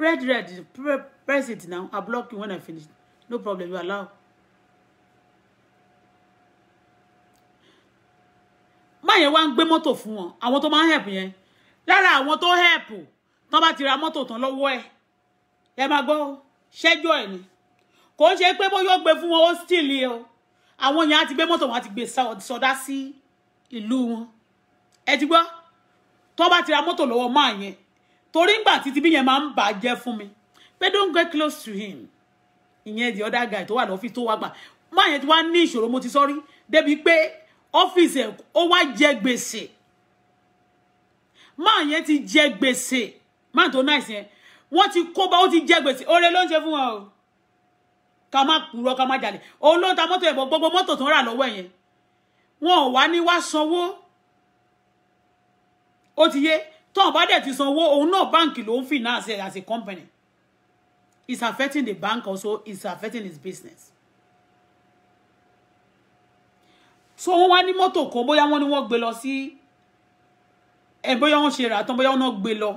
red red press it now i block you when i finish no problem you allow báyẹn wá ń gbé mọ́tò fún wọn àwọn tó máa ń help yẹn I want to help you. bá ti ra mọ́tò tán lọ́wọ́ ẹ̀ ẹ máa gbọ́ ṣẹ́jọ́ ẹ̀ ni kò ń ṣe pé bóyá ó gbé fún wọn ó stìlì e o àwọn yẹn á Be gbé mọ́tò wọn á ti gbé sọdá sí ìlú wọn ẹ ti gbọ́ tán bá ti torí ngbà títí bí yẹn máa ń bàjẹ́ fún mi pé don't get close to him ìyẹn the other guy tó wà lọ́fíìsì tó wà gbà má yẹn ti wá ní ìṣòro mo ti sọ́rí débi pé ọ́fíìsì ẹ̀ ó wá jẹ gbèsè má yẹn ti jẹ gbèsè má tó náà sí yẹn wọ́n ti kó bá ó ti jẹ gbèsè oore ló ń ṣe fún wọn o ká má purọ́ ká má jalè òun ló ń ta mọ́tò ẹ̀bọ̀ gbogbo mọ́tò tó ń rà lọ́wọ́ yẹn wọn ò wá ní wá sanwó ó ti yé tó bá dẹ̀ ti sanwó òun náà báǹkì ló ń finance as a company it's affecting the bank also it's affecting his business. so wọ́n wá ní mọ́tò kan bóyá wọ́n ní wọ́n gbé lọ sí ẹ̀ bóyá wọ́n ṣe rà tán bóyá wọ́n náà gbé lọ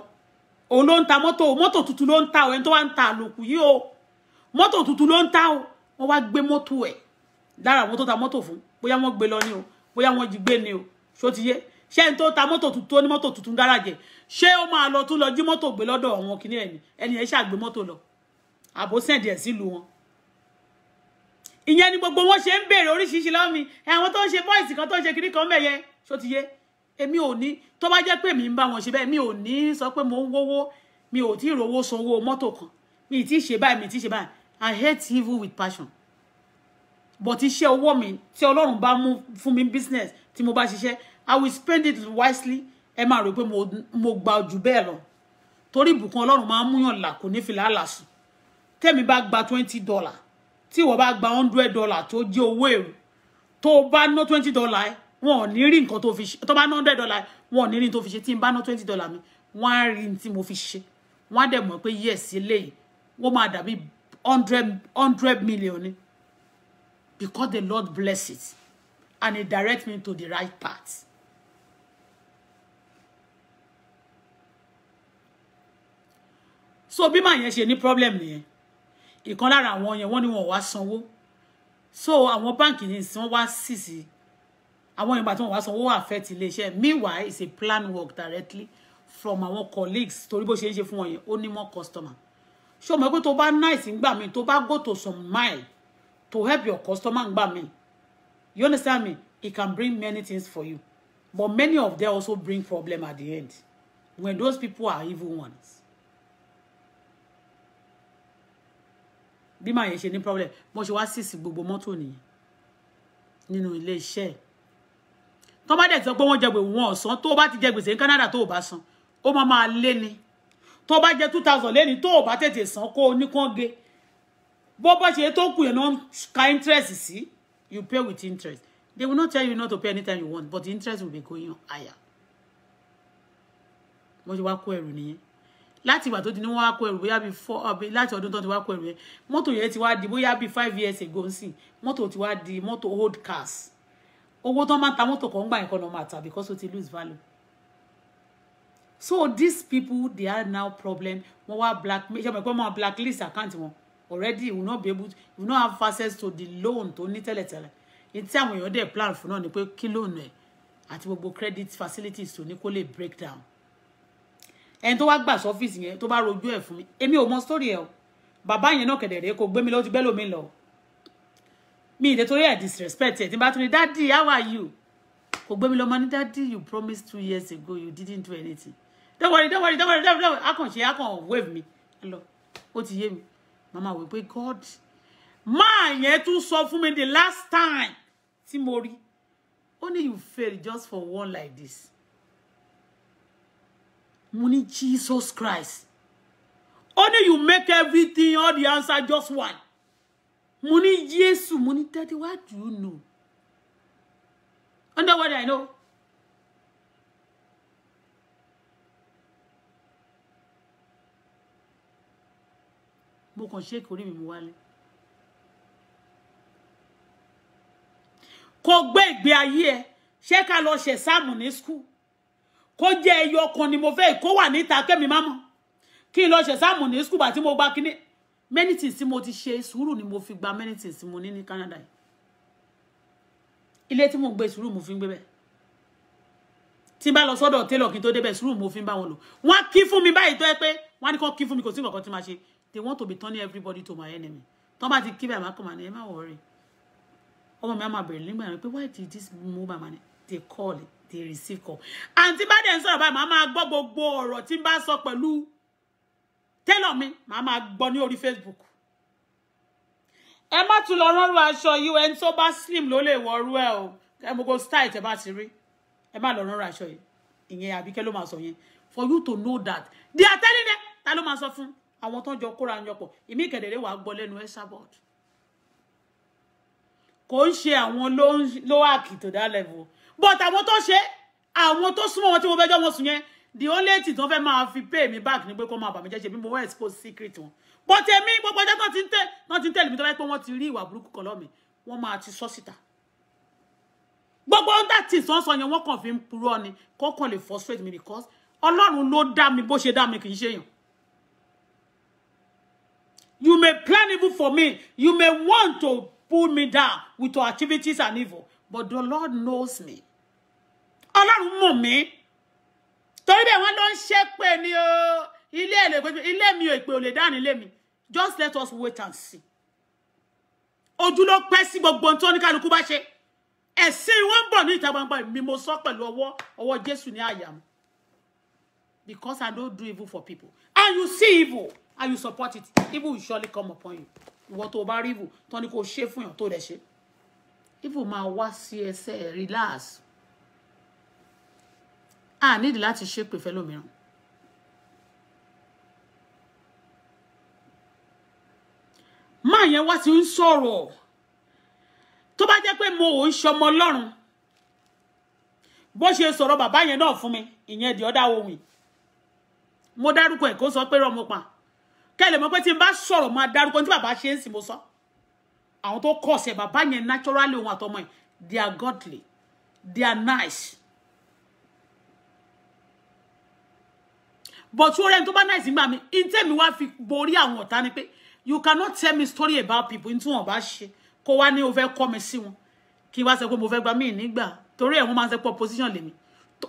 òun ló ń ta mọ́tò mọ́tò tuntun ló ń ta ẹni tó wá ń ta àlòkù yìí o mọ́tò tuntun ló ń ta o wọ́n wá gbé mọ́tò ẹ̀ lára àwọn tó ta mọ́tò fún bóyá wọ́n gbé lọ ni o bóyá wọ́n jí gbé ni o ṣó ti yé ṣé ẹni tó ta mọ́tò tuntun ní mọ́tò tuntun gáràjẹ ṣé ó máa lọ tún lọ jí mọ́tò gbé lọ́dọ̀ àwọn kìnìún ẹni ẹni ẹ ṣàgbé mọ́tò lọ àbó sẹǹdì ẹ sílùú wọn. ìyẹn ni gbogbo wọn ṣe ń béèrè oríṣiríṣi lọ́mí àwọn tó ń ṣe bọ́ìsì kan tó ń ṣe kiri kan mẹ́yẹ ṣó ti yé èmi ò ní tó bá jẹ́ pé mi ń bá wọn ṣe bẹ́ẹ̀ mi ò ní sọ pé mo ń wówó mi ò tí ì rówó sanwó mọ́tò kan mi ì tí ì ṣe báyìí mi ì tí ì ṣe báyìí I hate evil with passion but iṣẹ́ owó mi tí Ọlọ́run bá mú fún mi business tí mo bá ṣiṣẹ́ i will spend it wisely ẹ máa rò pé mo gba ojú bẹ́ẹ̀ lọ torí ìbùkún ọlọ́run máa ń múyàn là kò ní fi làálàá sùn tẹ́mi gba twenty dollar tí ìwọ bá gba hundred dollar To jẹ́ owó èrò tó bá ná twenty dollar ẹ wọn ò ní To nǹkan fi ṣe tó bá ná hundred dollar ẹ wọn ò ní rí nǹkan tó fi ṣe tí n bá ná twenty dollar mi wọn á rí mo fi ṣe wọn á dẹ̀ mọ̀ pé yes eléyìí wọ́n máa dàbí hundred hundred million ni because the Lord bless it and he direct me to the right path. so bí màá yẹn ṣe ní problem nìyẹn ìkan lára àwọn yẹn wọ́n ní wọn wá sanwó so bank àwọn báǹkì yìí wọ́n wá sísì àwọn ìgbà tí wọ́n wá sanwó affect iléeṣẹ́ meanwhile it's a plan work directly from our colleagues torí bó ṣe ń ṣe fún wọn yẹn ó ní more customer So, o mọ̀ to tó nice ń gbà mí tó bá go to some mile to help your customer ń gbà you understand me it can bring many things for you but many of them also bring problem at the end when those people are evil ones bí màá yẹn ṣe ní problem mo ṣe wá sísì gbogbo mọ́tò nìyẹn nínú ilé iṣẹ́ ẹ̀ tó bá dẹ̀ ti sọ pé wọ́n jẹ gbèsè wọn ọ̀sán tó bá ti jẹ gbèsè ní Canada tó o bá san ó máa máa lé ni tó bá jẹ two thousand lẹ́ni tó o bá tètè san kó o ní kán gé bó bá ṣe tó kù yẹn náà ka interest sí you pay with interest they will not tell you not to pay anytime you want but the interest will be going higher wọ́n ti wá kó ẹrù nìyẹn láti ìgbà tó ti ní wọ́n wá kó ẹrù bóyá bíi four àbí uh, láti ọdún tó ti wá kó ẹrù yẹn mọ́tò yẹn ti wá di bóyá bíi five years ago ń sìn mọ́tò ti wá di mọ́tò old cars owó tó máa ń ta mọ́tò kan gbà yẹn kan náà máa tà because ó ti lose value so these people they are now problem wọ́n wá black ṣe mọ̀ pé wọ́n blacklist account wọn already you will not be able to you will not have access to the loan tó ní tẹ́lẹ̀tẹ́lẹ̀ èyí tí àwọn èèyàn dẹ̀ plan fún náà ni pé kí lóònù ẹ̀ àti gbogbo credit facilities tó ní kó lè break down ẹni tó wá gbà sọ́fíìsì yẹn tó bá rojú ẹ̀ fún mi èmi ò mọ sórí ẹ̀ o bàbá yẹn náà kẹ̀dẹ̀ rèé kò gbé mi lọ́wọ́ ti bẹ́ lómi lọ mi ì nítorí ẹ̀ disrespect ẹ̀ tí n bá tún ní dádì how are you kò gbé mi lọ́mọ ní dádì you promised two years ago you didn't do anything don't worry don't worry don't worry don't worry akànṣe akàn wave mi lọ ó ti yé mi màmá wò pé god máa yẹn tún sọ fún mi the last time tí mo rí ó you fail just for one like this mo Jesus Christ only you make everything all the answer just one mo Jesus. Jésù daddy what do you know under what I know mo kàn ṣe ìkórè mi mo wálé kò gbé ìgbé ayé ẹ ṣé ká lọ ṣe sáàmù ní school kó jẹ́ ẹyọ kan ni mo fẹ́ kó wà níta kẹ́mi má mọ̀ kí n lọ ṣe sáàmù ní skul àti mo gba kíní many things tí mo ti ṣe sùúrù ni mo fi gba many things tí mo ní ní Canada yìí ilé tí mo gbé sùúrù mo fi ń gbé bẹ́ẹ̀ tí n bá lọ sọ́dọ̀ tailor kí n tó débẹ̀ sùúrù mo fi ń bá wọn lò wọ́n kí fún mi báyìí tó yẹ pé wọ́n ní kó kí fún mi kò sí nǹkan tí máa ṣe they want to be turning everybody to my enemy tọ́ bá ti kí bẹ́ẹ̀ máa kọ́ màá ní ẹ má wọ̀ọ́rì ọmọ mi á máa bẹ̀rẹ̀ nígbà yẹn pé why did this move my money they call it tètè receive call àǹtí bá dẹ̀ ń sọ̀rọ̀ báyìí màá máa gbọ́ gbogbo ọ̀rọ̀ tí n bá sọ pẹ̀lú me, Mama màá máa gbọ́ Facebook ẹ má tún lọ rán ru aṣọ yìí ẹni tó bá slim ló lè wọ rú ẹ o ẹ mọ ko style tẹ bá ti rí ẹ má lo rán ru aṣọ yìí ìyẹn Àbíkẹ́ ló máa sọ yẹn for you to know that they are telling them ta ló máa sọ fún àwọn tó ń jọ kóra ń yọpọ̀ ìmí ìkẹ̀dẹ̀rẹ̀ wàá gbọ́ lẹ́nu ẹ̀ sábọ̀dù kò ń ṣe àwọn ló level but àwọn tó ṣe àwọn tó súnmọ́ wọn tí mo fẹ́ jọ́ wọn sùn yẹn the only thing tó fẹ́ máa fi pay me back ni pé kó máa bà mí jẹ́ ṣe bí mo wọ́n expose secret wọn but èmi gbogbo ọjọ́ tó ti ń tẹ̀ tó ti ń tẹ̀lé mi tó fẹ́ pé wọ́n ti rí ìwà burúkú kan lọ́mì wọ́n máa ti sọ síta gbogbo ọ̀dà tí sọ́n sọ yẹn wọ́n kàn fi ń purọ́ ni kọ́kàn lè frustrate mi because ọlọ́run ló dá mi bó ṣe dá mi kì í ṣèyàn you may plan evil for me you may want to pull me down with your activities and evil but the Lord knows me ọlọ́run mọ̀ mí torí bẹ́ẹ̀ wọ́n ló ń ṣe pé ni o ilé ẹ̀ lè pé ilé mi ò ìpè ò lè dáhùn ilé mi just let us wait and see ojú ló pẹ́ sí gbogbo ohun tó ní kálukú bá ṣe ẹ̀sìn wọn ń bọ̀ ní ìta gbangba mi mo sọ pẹ̀lú ọwọ́ ọwọ́ Jésù ní àyà mi because I don't do evil for people and you see evil and you support it evil will surely come upon you ìwọ tó o bá rí evil tó ní kó o ṣe fún yàn tó rẹ̀ ṣe ifo máa wá sí ẹsẹ̀ relax a nídìí láti ṣépè fẹ́lòmíràn máa yẹn wá ti ń sọ̀rọ̀ tó bá jẹ́ pé mo ò ń ṣọmọ ọlọ́run bó ṣe sọ̀rọ̀ bàbá yẹn náà fún mi ìyẹn di ọ̀dà ohun mo dárúkọ ẹ̀ kó sọ pé rọ́ọ̀mù pa kẹ́lẹ̀ mọ́ pé tí n bá sọ̀rọ̀ máa dárúkọ tí bàbá ṣe ń sìn mo sọ. So àwọn tó kọ̀ sí ẹ̀ bàbá yẹn naturally òun àtọmọ yẹn they are godly they are nice. but orí ẹni tó bá nice nígbà mi in tẹ́mi wá fi borí àwọn ọ̀tá ni pé you cannot tell me story about people in tí wọ́n bá ṣe kó wá ní o fẹ́ kọ́ mi sí wọn kí wá sọ pé mo fẹ́ gba mí nígbà torí ẹ̀ wọ́n máa ń sẹ́pọ̀ position lèmi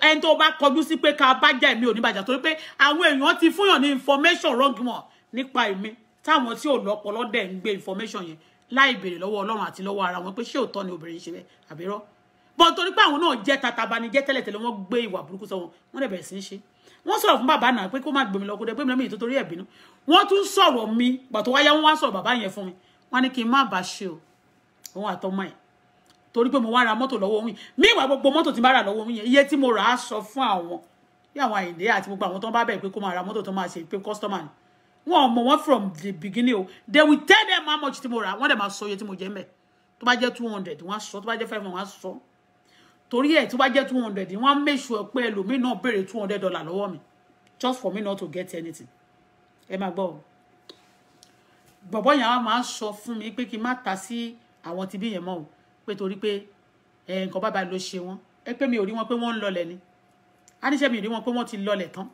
ẹni tó bá kọjú sí pé ká bá jà èmi ò ní bàjá torí pé àwọn èèyàn ti fúnyàn ní information wrong wọn nípa èmi táwọn tí ò lọ́pọlọ dẹ̀ ń gbé information yẹn láì béèrè lọ́wọ́ ọlọ́run àti lọ́wọ́ ara wọn pé ṣé òótọ́ ni obìnrin ṣe bẹ́ẹ̀ àbírọ́ bọ́n torí pé àwọn náà jẹ́ tatabanijẹ́ tẹ́lẹ̀tẹ́lẹ̀ wọ́n gbé ìwà burúkú sọ wọn wọ́n dẹ̀ bẹ̀rẹ̀ sí í ṣe wọ́n sọ̀rọ̀ fún bàbá náà pé kó má gbèmí lọ kó dẹ̀ gbèmí lọ́mí ètò torí ẹ̀bínú wọ́n tún sọ̀rọ̀ mi pàtó wáyá wọ́n wá sọ̀rọ̀ bàbá yẹn fún mi wọ́n ní kí n má bá ṣe o òun àtọmọ ẹ̀ torí pé mo wá ra mọ́tò lọ́wọ́ wín mí ìwà gbogbo mọ́tò tí n rà lọ́wọ́ wín iye tí mo rà á sọ fún àwọn bí àwọn àyìndé àti gbogbo àwọn tó ń bá bẹ̀ pé kó máa ra mọ́tò tó máa ṣe pé kọ́sítọ́mà ni One more mọ̀ from the beginning o they will tell them how much tomorrow. mo rà them dẹ̀ máa sọ iye tí mo jẹ́ two hundred One short. sọ tó five hundred wọ́n á sọ torí ẹ̀ tó two hundred wọ́n á make sure pé ẹlòmíì náà béèrè two hundred dollar lọ́wọ́ me? just for me not to get anything ẹ máa gbọ́ o bọ̀bọ́ yẹn wá máa ń sọ fún mi pé kí n má ta sí àwọn tibí yẹn mọ́ o pé torí pé eh, nǹkan bábà ló ṣe wọ́n ẹ pé mi ò rí wọn pé wọ́n ń lọlẹ̀ ni á níṣẹ́ mi ò rí wọn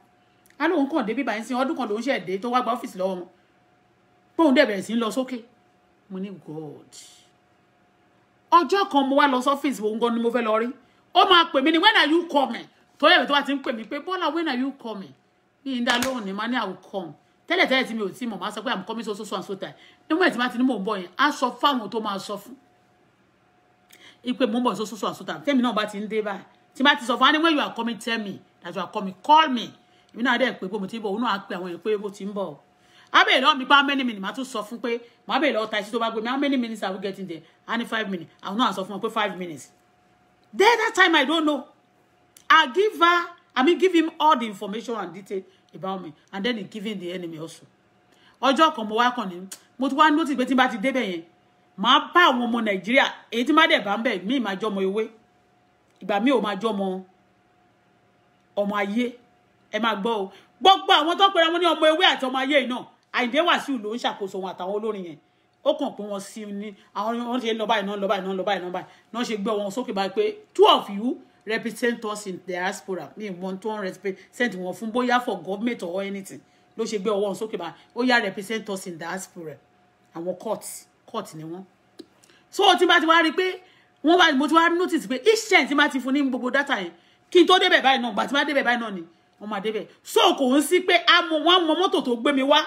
á lóun kàn dé bíbá yẹn sí ọdún kan lòun ṣe dé tó wá gba ọ́fíìsì lọ́wọ́ wọn bóun dẹ̀ bẹ̀rẹ̀ sí ń lọ sókè mo ní god ọjọ́ kan mo wá lọ sọ́fíìsì òun gan ni mo fẹ́ lọ rí ó máa pè mí ni when are you coming tó yẹ tó bá ti ń pè mí pé bọ́lá when are you coming mi ń dá lóhùn ní ma ní àwọn come tẹ́lẹ̀ tẹ́lẹ̀ tí mi ò tí mọ̀ máa sọ pé i'm coming so so so and so time nígbà tí máa ti ní mò ń bọ̀ yẹn á sọ fáwọn tó máa sọ fún ipe mò ń bọ̀ so so so and so time tẹ́mi náà bá ti ń dé báyìí tí máa ti sọ fún wa ni when you are coming tell me that you are coming call me èmi náà dẹ̀ pé bó mo ti ń bọ̀ òun náà á pe àwọn èèyàn pé bó ti ń bọ̀ abẹ́ mi pa many minutes màá tún so fún pé màá bẹ̀ lọ́ọ́ ta ẹsẹ̀ tó bá gbé mi how many minutes are we getting there a ní five minutes I náà sọ fún wọn pé five minutes there that time I don't know I give her I mean give him all the information and detail about me and then he giving the enemy also Ojo kan mo wá kàn ní mo ti wá notice pé tí n bá ti débẹ̀ yẹn màá bá àwọn ọmọ nàìjíríà èyí tí má dẹ̀ bá ń bẹ̀ mí ìmájọ́mọ ewé ìgbà mí ò máa jọ́mọ ọmọ ayé ẹ máa gbọ́ o gbogbo àwọn tó pera wọn ní ọmọ ewé àti ọmọ ayé yìí náà àyìndé wàsíù ló ń ṣàkóso wọn àtàwọn olórin yẹn ó kàn pé wọn sí ní àwọn wọn ṣe lọ báyìí náà lọ báyìí náà lọ báyìí náà báyìí náà ṣe gbé wọn sókè báyìí pé two of you represent us in diaspora ní ìwọ̀n tó ń represent wọn fún bóyá for government or anything ló ṣe gbé wọn sókè báyìí ó yá represent us in diaspora àwọn court court ni wọn. so tí bá ti wá rí i pé wọ́n bá mo ti wá notice pé each time tí bá ti fún ní gbogbo data yẹn kí n tó débẹ̀ báyìí náà gbà tí bá débẹ̀ báyìí náà ni wọ́n máa débẹ̀ so kò ń a pé wọ́n mọ mọ́tò tó gbé mi wá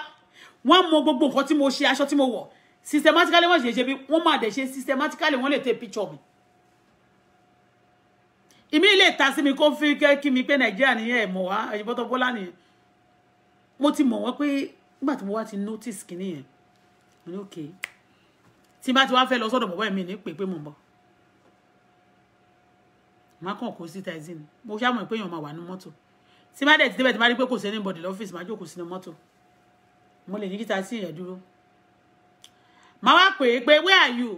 wọ́n mọ gbogbo nǹkan tí mo ṣe aṣọ tí mo wọ̀ systematically wọ́n ṣe ṣe bí wọ́n máa dẹ̀ ṣe systematically wọ́n lè take picture mi ìmí ilé ìta sí mi kó fi kí mi pé nàìjíríà nìyẹn ẹ̀ mọ̀ wá ẹ̀yìn bọ́tọ̀ bọ́lá nìyẹn mo ti mọ̀ wọ́n pé nígbà tí mo wá ti notice kìíní yẹn mo ní òkè tí bá ti wá fẹ́ lọ sọ́dọ̀ bàbá mi ní pé pé mo ń bọ̀ má kàn kó síta ẹ̀sìn mo ṣàmọ̀ pé èèyàn máa wà ní mọ́tò tí má dẹ̀ ti débẹ̀ tí má rí pé kò sí anybody lọ́fíìsì má jókòó sínú mọ́tò mo lè ní kíta sí ìyẹn dúró má wá pè é where are you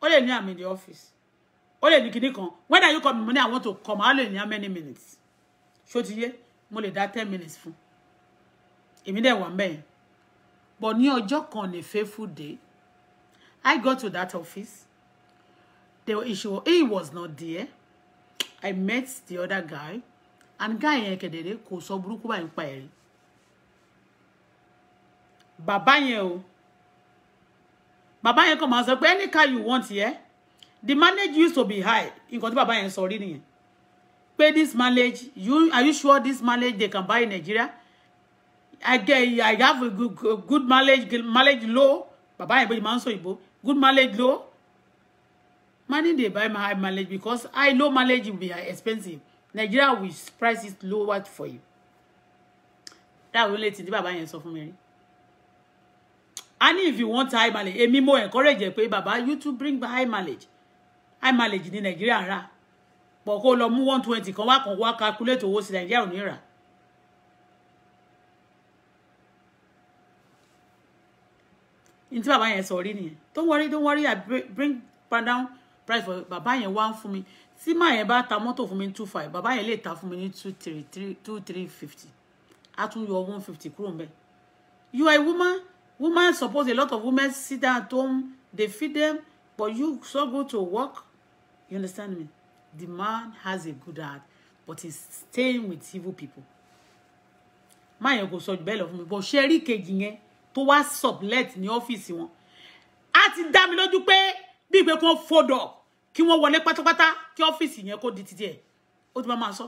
ó lè ní I'm in the office ó lè ní kinní kan when are you coming Money I want to come How lè ní how many minutes ṣó ti yé mo lè dá ten minutes fún èmi dẹ̀ wà mẹ́yìn but ní ọjọ́ kan ní faithful day I go to that office the issue he was not there I met the other guy and guy yẹn kedere kò sọ burúkú báyìí pa ẹ̀rí bàbá yẹn o bàbá yẹn kàn máa sọ pé any car you want yẹ the mileage used to be high nǹkan tí bàbá yẹn sọ rí nìyẹn pé this mileage. you are you sure this mileage they can buy in Nigeria I get I have a good, good mileage. Mileage low. bàbá yẹn bóyá máa ń sọ ìbò good mileage low. money dey buy my high mileage because high low mileage will be expensive Nigeria will price it lower for you that will let you bàbá yẹn sọ fún mi and if you want high mileage èmi mo encourage pé Baba. you to bring back high mileage high mileage ní Nigeria rà pọ̀ kó lọ mú one twenty kan wá kan wá calculate owó sí Nigeria ò ní rà n tí Baba yẹn sọ rí nìyẹn don't worry don't worry I bring bring down price for bàbá yẹn wá ń fún mi tí màá yẹn bá ta mọ́tò fún mi ní two five bàbá yẹn lè ta fún mi ní two three three two three fifty a tún yọ one fifty kúrò mbẹ you are a woman woman suppose a lot of women sit down at home they feed them but you so go to work you understand me the man has a good heart but he's staying with evil people má yẹn kò sọ jù bẹ́ẹ̀ lọ fún mi bọ́ ṣẹ́rí kejì yẹn tó wá sublet ní ọ́fíìsì wọn á ti dá mi lójú pé bí ìgbé kan fọdọ̀ kí wọ́n wọlé pátápátá kí ọ́fíìsì yẹn kó di títí ẹ̀ ó ti máa máa sọ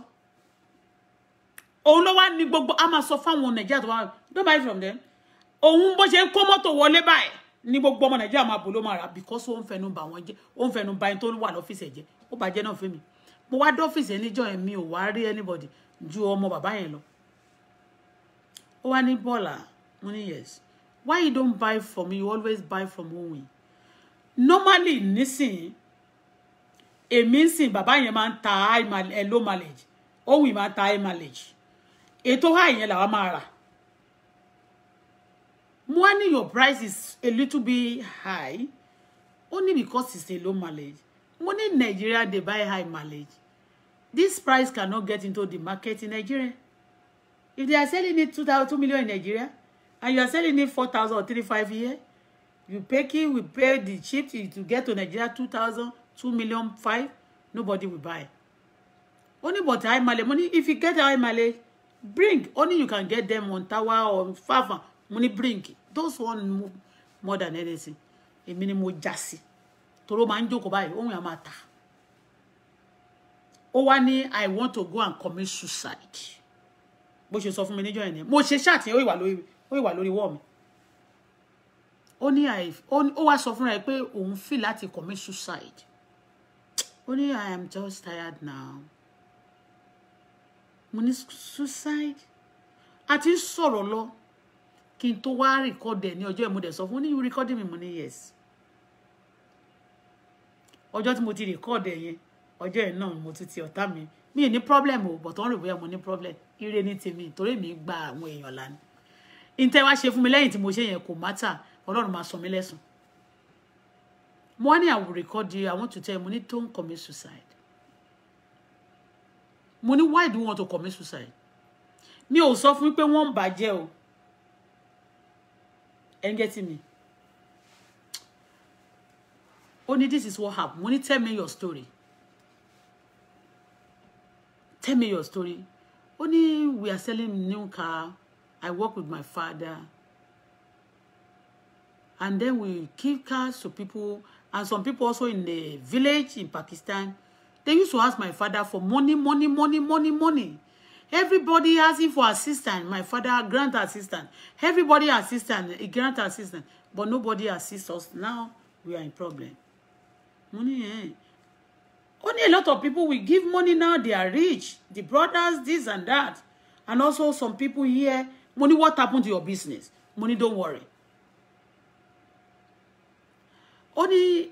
òun ló wá ní gbogbo a máa sọ fáwọn nàìjíríà tó wá don't buy from them òun bó ṣe ń kó mọ́tò wọlé báyìí ní gbogbo ọmọ nàìjíríà máa bò ló máa rà because ó ń fẹnu bà wọ́n jẹ́ ó ń fẹnu bà ẹni tó wà lọ́fíìsì ẹ̀ jẹ́ ó bàjẹ́ náà fún mi mo wá dọ́fíìsì ẹ̀ níjọ́ yẹn mi ò wá rí anybody ju ọmọ bàbá yẹn lọ ó wá ní bọ́ọ̀là mo ní yes why you don't buy from me you always buy from Owi normally nísìnyí èmi ń sìn bàbá yẹn máa ń ta ẹ eh, low mileage ohun ìmáa ta high mileage ètò high yẹn làwa máa rà mo your price is a little bit high only because it's a low mileage Money ní Nigeria dey buy high mileage this price cannot get into the market in Nigeria if they are selling it two thousand two million in Nigeria and you are selling it four thousand or three five year, you pay key we pay the cheap to get to Nigeria two thousand two million five nobody will buy Only ní but àìmàlè money. if you get àìmàlè bring only you can get them on tower or fava money. bring those one move more than anything A minimum mo já sí toró máa ń jókòó báyìí ohun yà máa ta i want to go and commit suicide But you sọ fún mi níjọ́ yẹn ni mo ṣe ṣáàtì ó ìwà lórí ó ìwà lórí wọ́ọ̀ mi ó ní àì ó wá sọ fúnra ẹ pé òun fì commit suicide Only i am just tired now mo suicide a ti ń sọ̀rọ̀ lọ to n tó wá rìkọ́dẹ̀ ní ọjọ́ ìmúdẹ̀ Only you recording me money, yes Or just mo ti rìkọ́dẹ̀ yẹn ọjọ́ yẹn náà mo ti ti ọ̀tá mi mi problem o but wọ́n rò money mo ní problem ire ní tèmi me. mi gba àwọn èèyàn lánàá ìtẹ́wá ṣe fún mi lẹ́yìn tí mo ṣe yẹn kò mátà ọlọ́run máa sọ mí lẹ́sùn morning I will record you. I want to tell you, money don't commit suicide. Money, why do you want to commit suicide? Me, ò sọ fún pé wọ́n ń bàjẹ́ And getting me. Only this is what happened. Money, tell me your story. Tell me your story. Only we are selling new car. I work with my father. And then we give cars to people and some people also in the village in Pakistan, they used to ask my father for money, money, money, money, money. Everybody asking for assistance. My father grant assistance. Everybody assistance, he grant assistance. But nobody assists us. Now we are in problem. Money, eh? Only a lot of people will give money now. They are rich. The brothers, this and that. And also some people here, money, what happened to your business? Money, don't worry. ó ní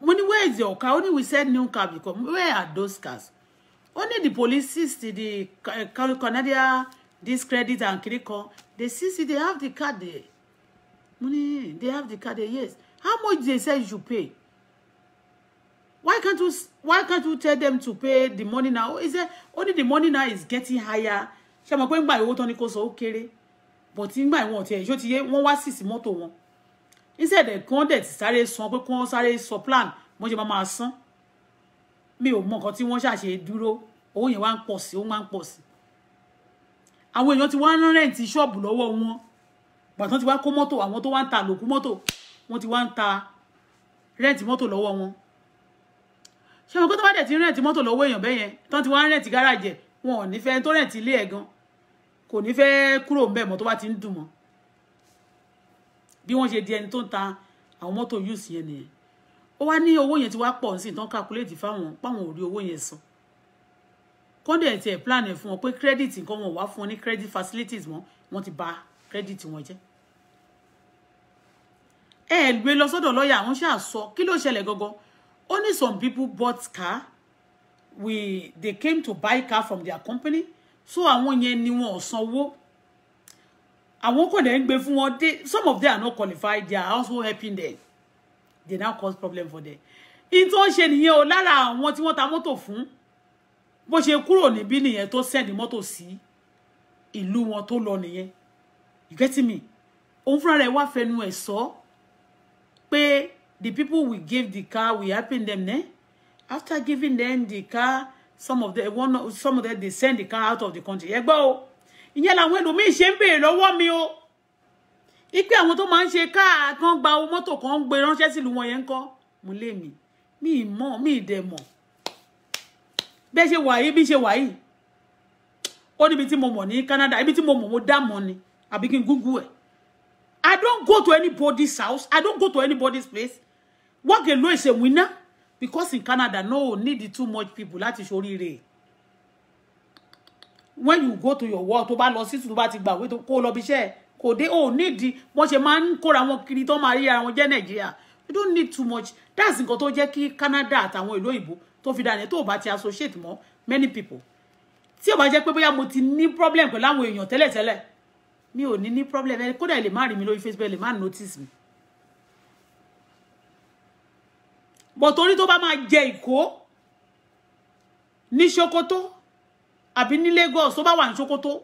mo ní where is your car ó ní we send new car because where are those cars ó ní the police seized the Canadian discredit and kiriko they seized they have the car there mo ní they have the car there yes how much they say you pay why can't you why can't you tell them to pay the money now he said only the money now is getting higher ṣe mọ̀ pé ń gba ìwó tán ni kò sọ ó kéré but ń gba ìwọ̀n tiẹ̀ ṣó ti yé wọ́n wá sísì mọ́tò wọn instead kí wọ́n dẹ̀ ti sáré san pé kí wọ́n sáré plan bó je máa máa san mi ò mọ nǹkan tí wọ́n ṣàṣe dúró owó yẹn wá ń pọ̀ sí ó wá ń pọ̀ sí àwọn èèyàn ti wá ń rẹ́ǹtì ṣọ́ọ̀bù lọ́wọ́ wọn gbàtán ti wá kó mọ́tò àwọn tó wá ń ta àlòkù mọ́tò wọ́n ti wá ń ta rẹ́ǹtì mọ́tò lọ́wọ́ wọn ṣé wọn kó tó bá dẹ̀ ti rẹ́ǹtì mọ́tò lọ́wọ́ èèyàn bẹ́yẹn tán ti wá ń rẹ́ǹtì gáràjẹ̀ wọn ò ní fẹ́ tó rẹ́ǹtì gan kò ní fẹ́ kúrò ń bẹ̀ mọ́ tó ti ń dùn mọ́ bí wọ́n ṣe di ẹni tó ń ta àwọn mọ́tò use yẹn nìyẹn ó wá ní owó yẹn ti wá pọ̀ sí tán calculate fáwọn páwọn ò rí owó yẹn san kódà ẹ̀ tiẹ̀ plan ẹ̀ fún wọn pé credit nǹkan wọn wá fún wọn ní credit facilities wọn wọ́n ti bà credit wọn jẹ́ ẹ ẹ gbé lọ sọ́dọ̀ lọ́ọ̀yà àwọn ṣáà sọ kí ló ṣẹlẹ̀ gangan ó ní some people bought car we they came to buy car from their company so àwọn yẹn ni wọn ò sanwó àwọn kò dẹ̀ ń gbé fún wọn some of them are not qualified they are also helping them they now cause problem for them in tó ń ṣe nìyẹn o lára àwọn tí wọ́n ta mọ́tò fún bó ṣe kúrò níbí nìyẹn tó send mọ́tò sí ìlú wọn tó lọ nìyẹn you get me òun fúnra rẹ̀ wá fẹnu ẹ̀ sọ pé the people we give the car we helping them ne after giving them the car some of them one some of them they send the car out of the country ẹ gbọ́ o ìyẹn làwọn ẹlòmíín ṣe ń béèrè lọ́wọ́ mi o ipe àwọn tó máa ń ṣe káà kan gba owó mọ́tò kan ń gbé ránṣẹ́ sílùú wọn yẹn ń kọ́ mo lé mi mi mọ̀ mi dẹ̀ mọ̀ bẹ́ẹ̀ ṣe wà yìí bí ṣe wà yìí ó níbi tí mo mọ̀ ní Canada ibi tí mo mọ̀ mo dá mọ̀ ni àbí kí n gúgú ẹ̀ I don't go to anybody's house I don't go to anybody's place work alone is a winner because in Canada no need too much people láti ṣoríire when you go to your work to bá lọ sí tó bá ti gbàwé tó kó lọ bí iṣẹ́ kò dé ò nídìí wọ́n ṣe máa ń kóra wọn kiri tó máa ríra wọn jẹ́ nàìjíríà you don't need too much that's nǹkan tó jẹ́ kí Canada àtàwọn ìlú òyìnbó tó fi dànù tó o ti associate mọ́ many people tí o bá jẹ́ pé bóyá mo ti ní problem pẹ̀lú àwọn èèyàn tẹ́lẹ̀tẹ́lẹ̀ mi ò ní ní problem ẹ kódà ẹ lè má rí mi lórí Facebook ẹ lè má notice mi. bọ̀ torí tó bá máa jẹ ìkó ní ṣòkòtò àbí ní Lagos tó bá wà ní Sokoto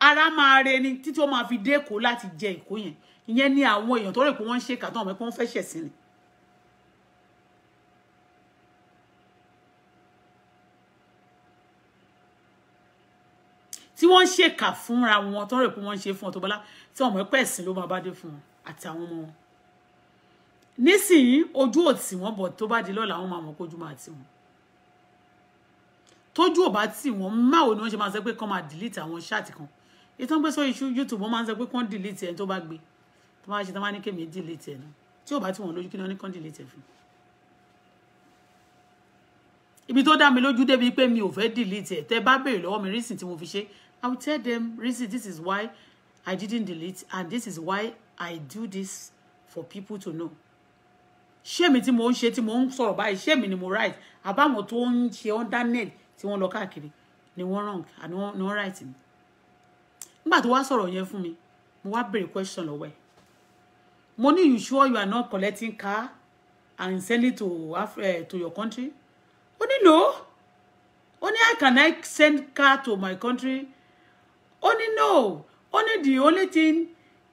ara máa re ni títí ó máa fi dé láti jẹ Èkó yẹn ìyẹn ni àwọn èèyàn tó rò pé wọ́n ń ṣe kàtọ́ àwọn ẹ̀kọ́ wọn fẹ́ ṣẹ̀sìn ni. tí wọ́n ń ṣèkà fúnra wọn tó rò pé wọ́n ń ṣe fún Auto Bola tí ọmọ ẹ̀kọ́ ẹ̀sìn ló máa bá dé fún wọn àti àwọn ọmọ wọn nísìnyí ojú ò tì wọ́n tó bá di lọ́la wọ́n máa mọ̀ kójú máa tì wọ́n tójú ò bá tì wọ́n máwo ni wọ́n ṣe máa sọ pé kán máa delete àwọn ṣáàtì kan ìtàn pé sórí YouTube wọ́n máa ń sọ pé kán delete ẹni tó bá gbé tó máa ṣe tán máa ní kémi delete ẹni tí ò bá tì wọ́n lójú kí ni wọ́n ní kán delete ẹ fún. ibi tó dá mi lójú débi pé mi ò fẹ́ delete ẹ tẹ́ bá béèrè lọ́wọ́ mi reason tí mo fi ṣe I will tell them reason this is why I didn't delete and this is why I do this for people to know ṣé mi tí mo ń ṣe tí mo ń sọ̀rọ̀ báyìí ṣé mi ni mo right àbáwọn tó ń ṣe net." tí wọ́n lọ káàkiri ni wọ́n wrong àni wọ́n ni wọ́n right mi nígbà tó wá sọ̀rọ̀ yẹn fún mi mo wá béèrè question lọ́wọ́ ẹ̀ mo ní you sure you are not collecting car and send it to Af uh, to your country ó ní no ó ní how can I send car to my country ó ní no ó ní the only thing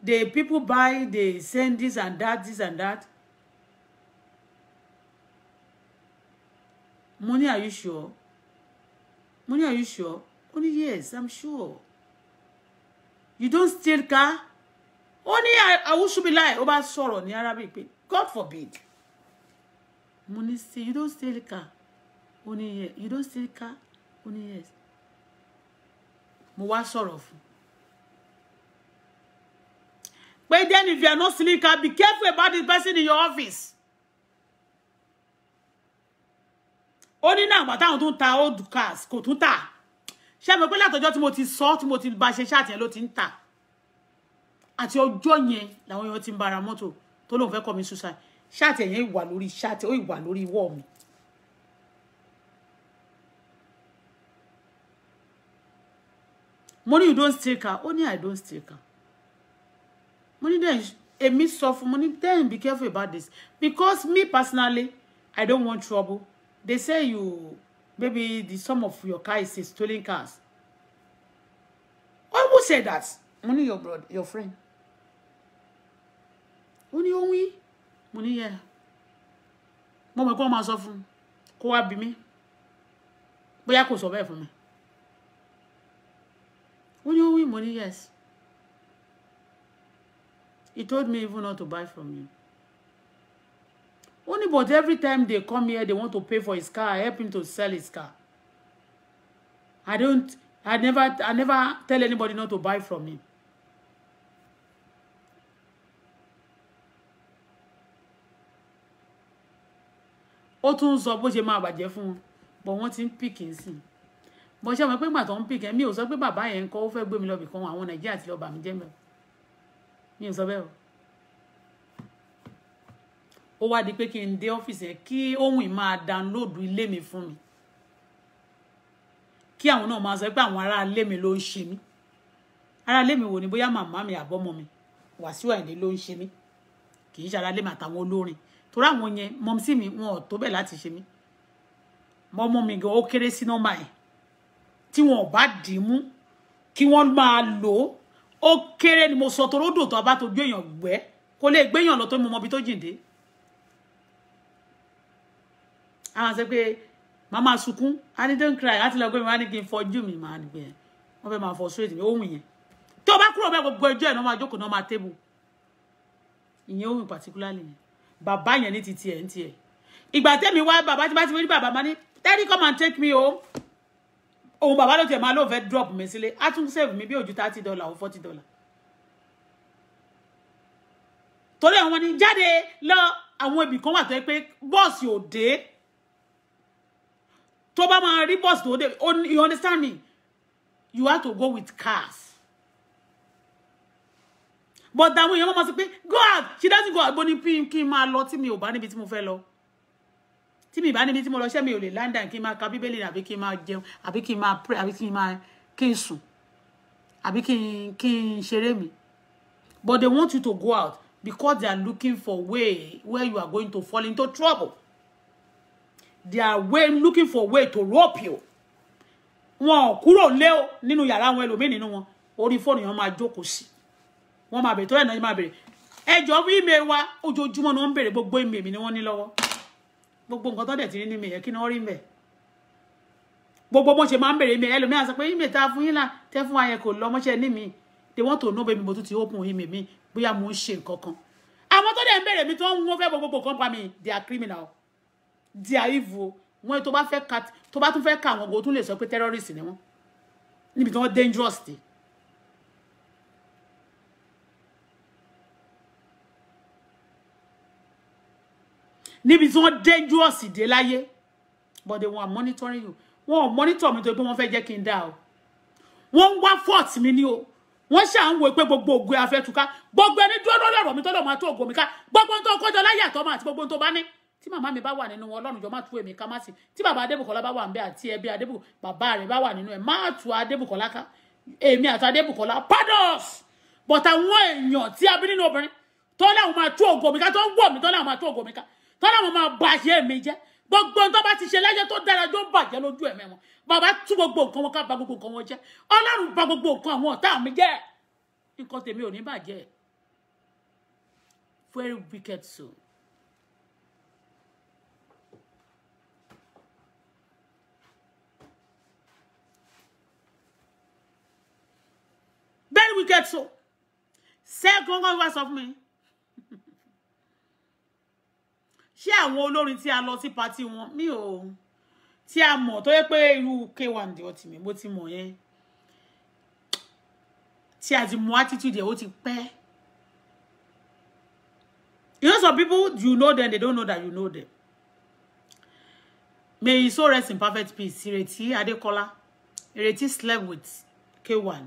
the people buy they send this and that this and that mo ní are you sure Money, are you sure ó ní yes i'm sure you don't steal car ó ní àwùsùbíláì ó bá sọ̀rọ̀ ní arabic pé god forbid mo ní say you don't steal car ó ní yes you don't steal car ó ní yes mo wá sọ̀rọ̀ fún pé then if you are not stealing car be careful about the person in your office. ó ní náà àgbà táwọn tó ń ta old cars kò tún tà ṣé mo pé látọjọ́ tí mo ti sọ tí mo ti bá ṣe ṣáàtì yẹn ló ti ń tà àti ọjọ́ yẹn làwọn èèyàn ti ń bara mọ́tò tó lóun fẹ́ kọ́ mi suicide ṣáàtì yẹn ìwà lórí ṣáàtì ó ìwà lórí wọ́ọ̀ mi mo ní you don't still car ó ní i don't still car mo ní then èmi sọ fún mo ní then be careful about this because me personally i don't want trouble They say you maybe the sum of your car is a stolen cars. Why would say that? Money your brother, your friend. Money only money yeah. Mo mọ̀ kó máa sọ fún ko wá bi mí. Bóyá kò sọ bẹ́ẹ̀ fún mi. Only only money yes. He told me even not to buy from you. Only but every time they come here, they want to pay for his car. I help him to sell his car. I don't, I never, I never tell anybody not to buy from him. ó tún sọ bó ṣe máa bàjẹ́ fún un bọ̀ wọ́n ti ń pìkì sí i bó ṣe mọ̀ pé gbà tó mi ò sọ pé bàbá yẹn ń kọ́ ó fẹ́ gbé mi lọ bìkan àwọn nàìjíríà ti lọ bà mí jẹ́ mẹ́rin mi ò sọ bẹ́ẹ̀ o ó wá di pé kí n dé ọ́fíìsì yẹn kí ohun ìmọ̀ download ilé mi fún mi kí àwọn náà máa sọ pé àwọn ará ilé mi ló ń ṣe mí ará ilé mi wò ni bóyá màmá mi àbọ́mọ mi Wàsíù Àyìndé ló ń ṣe mí kì í ṣe ará ilé mi àtàwọn olórin torí àwọn yẹn mọ̀mísí mi wọn ò tó bẹ́ẹ̀ láti ṣe mí mọ́mú mi gan ó kéré sí nọ́mbà yẹn tí wọn ò bá dì í mú kí wọ́n máa lò ó ó kéré ni mo sọ toródò tó a bá tó gbé èèyàn gbẹ́ kó lè gbé èèyàn lọ tó mọ ọmọ ibi tó jìn a máa sọ pé màá máa sunkún a ní cry láti lọ gbé mi wá ní kí n fọjú mi màá ní gbé yẹn wọ́n fẹ́ máa frustrate mi ohun yẹn tó o bá kúrò bẹ́ẹ̀ gbogbo ẹjọ́ ẹ̀ náà máa jókòó náà máa tébù ìyẹn ohun particularly yẹn bàbá yẹn ní ti tiẹ̀ ní tiẹ̀ ìgbà tẹ́mi wá bàbá tí bá ti fi rí bàbá máa ní tẹ́lí come and take me home òun bàbá ló tiẹ̀ máa lóun fẹ́ drop mi sílé á tún save mi bí ojú thirty dollar or forty dollar torí àwọn ni jáde lọ àwọn ibì kan wà tó yẹ pé bọ́ọ̀sì ò dé tó bá máa rí bọ́ọ̀sì tó dé you understand me you have to go with cars but that èèyàn máa sọ pé go out she doesn't go out bó ní pín kí n máa lọ tí mi ò bá níbi tí mo fẹ́ lọ tí mi bá níbi tí mo lọ ṣẹ́ mi ò lè London kí n máa ka bíbélì àbí kí n máa jẹun àbí kí pray Abi kí n máa kí n sùn àbí kí mi but they want you to go out because they are looking for way where you are going to fall into trouble they are way looking for way to rope you wọn kuro kúrò lé o nínú yàrá wọn ẹlòmíì nínú wọn orí fóònù yẹn máa jókòó sí wọn máa bèrè tó ẹ̀nà yẹn máa bèrè ẹjọ́ bí email wa ojoojúmọ́ ni wọ́n ń bèrè gbogbo email mi ni wọ́n ní lọ́wọ́ gbogbo nǹkan tó dẹ̀ ti rí ní email yẹn kí ni wọ́n rí email gbogbo bó ṣe máa ń bèrè email ẹlòmíì á sọ pé email tá a fún yín là tẹ́ fún wa yẹn kò lọ mi they want to know baby mi mo tún ti open email mi bóyá mo ń ṣe nǹkan kan àwọn tó dẹ̀ ń bèrè mi tó ń wọ́n fẹ́ gbogbo nǹkan pa mi they are criminal their evil wọn tó bá fẹ́ ka tó bá tún fẹ́ ka àwọn ogun tún lè sọ pé terrorist ni wọ́n níbi tí wọ́n dangerous dé. níbi tí wọ́n dangerous dé láyé but they were monitoring you wọn ò monitor mi tó pé wọ́n fẹ́ jẹ́ kí n dá o wọ́n ń wá fault mi ni o wọ́n ṣà ń wo pé gbogbo ògo afẹ́tuká gbogbo ẹni dúró lórí ọ̀rọ̀ mi tọ́lọ̀ máa tó ògo mi ká gbogbo ohun tó kọjọ láyé àtọ́mọ àti gbogbo ohun tó bá ní tí màmá mi bá wà nínú wọn ọlọ́run jọ má tú èmi ká má sí tí bàbá adébùkọ́lá bá wà ń bẹ àti ẹbí adébùkọ́lá bàbá rẹ̀ bá wà nínú ẹ̀ má tú adébùkọ́lá ká èmi àti adébùkọ́lá pados but àwọn èèyàn tí a bí nínú obìnrin tó láwọn máa tú ògo mi ká tó ń wọ̀ mí tó láwọn máa tú ògo mi ká tó láwọn máa bà ṣe mi jẹ́ gbogbo tó bá ti ṣe láyé tó dára tó bàjẹ́ lójú ẹ̀mẹ́ wọn bàbá tú very wicked soul very wicked soul ṣé on, wá of me? mi ṣé àwọn olórin tí a lọ sí party wọn mi ò tí a mọ̀ tó yẹ pé irú k1 di ọtí mi mo ti mọ̀ yẹn tí a ti mọ̀ attitude ẹ̀ ó ti pẹ́ you know some people you know them they don't know that you know them may you so rest in perfect peace ìrètí adékọlá ìrètí slept with k1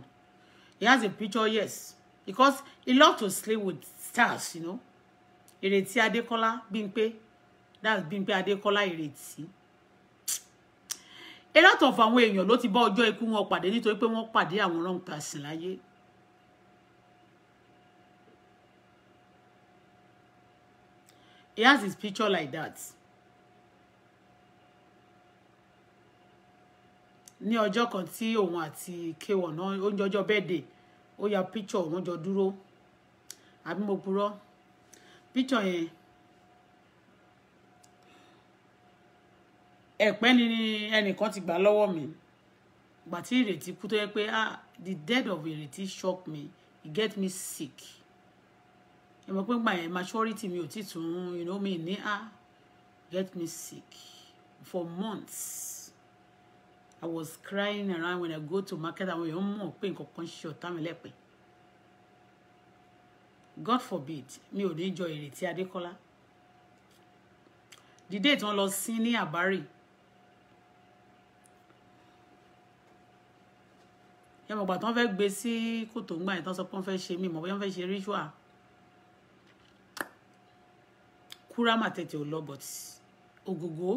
He has a picture, yes. Because he loves to sleep with stars, you know. Ireti Adekola, Bimpe. That's Bimpe Adekola Ireti. A lot of àwọn èèyàn ló ti bá ọjọ́ ikú wọn pàdé nítorí up wọ́n pàdé àwọn wrong person like láyé. He has his picture like that. ní ọjọ́ kan tí òun àti kéwọ̀n náà ó bẹ́ẹ̀dẹ̀ ó ya píchọ̀ òun jọ dúró àbí mo purọ́ píchọ̀ yẹn ẹ̀pẹ́ ni ẹnìkan ti gbà lọ́wọ́ mi gbà tí ìrètí kú tó yẹ pé ah the death of ìrètí shock me e get me sick ẹ mọ̀ pé gbà yẹn maturity mi ò tí tún you know me ní ah get me sick for months I was crying around when I go to market àwọn èèyàn mọ̀ pé nǹkan kan ṣe ọ̀tá God forbid me ò ní jọ ìrètí Adékọ́lá the day tí wọ́n lọ sin ní àbárì yẹn mọ̀gbà tí wọ́n fẹ́ gbé sí kòtò ńgbà yẹn tí wọ́n sọ pé wọ́n fẹ́ ṣe mí mọ̀ bí but ògògó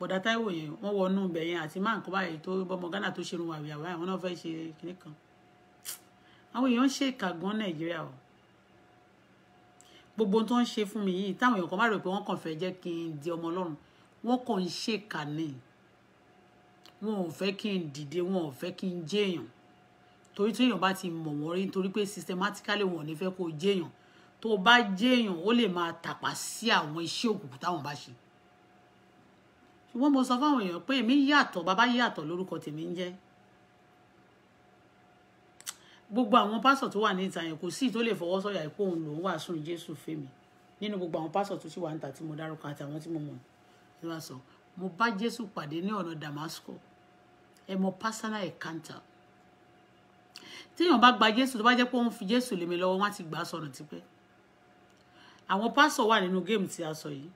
bọ̀dá táìwò yẹn wọ́n wọnú ibẹ̀ yẹn àti máa nǹkan báyìí tó bọ́mọ Ghana tó ṣerun wàwíwà àwọn náà fẹ́ ṣe kinní kan àwọn èèyàn ń ṣe ìkà gan Nàìjíríà o gbogbo tó ń ṣe fún mi yìí táwọn èèyàn kan bá rò pé wọ́n kàn fẹ́ jẹ́ kí n di ọmọ Ọlọ́run wọ́n kàn ń ṣe ìkà ní wọn ò fẹ́ kí n dìde wọn ò fẹ́ kí n jẹ́yàn torí tí èèyàn bá ti mọ̀ wọ́n rí nítorí pé systematically wọn ò ní fẹ́ kó jẹ́yàn tó bá jẹ́yàn ó lè máa tàpá sí àwọn iṣẹ́ òkùnkùn táwọn bá ṣe ṣùgbọ́n mo sọ fáwọn èèyàn pé èmi yàtọ̀ bàbá yàtọ̀ lórúkọ tèmi ń jẹ́ gbogbo àwọn pásọ̀ tó wà ní ìta yẹn kò sí tó lè fọwọ́ sọ̀yà ìpò òun lòún wàásù Jésù fèmí nínú gbogbo àwọn pásọ̀ tó sì wà níta tí mo dárúkọ àti àwọn tí mo mọ̀ ní wàá sọ mo bá Jésù pàdé ní ọ̀nà Damasco ẹ mọ personal encounter téèyàn bá gba Jésù tó bá jẹ́ pé òun fi Jésù lèmi lọ́wọ́ wọ́n á ti gbà á sọ̀rọ̀ tipẹ́ àwọn pásọ̀ wà nínú géèmù tí a sọ yìí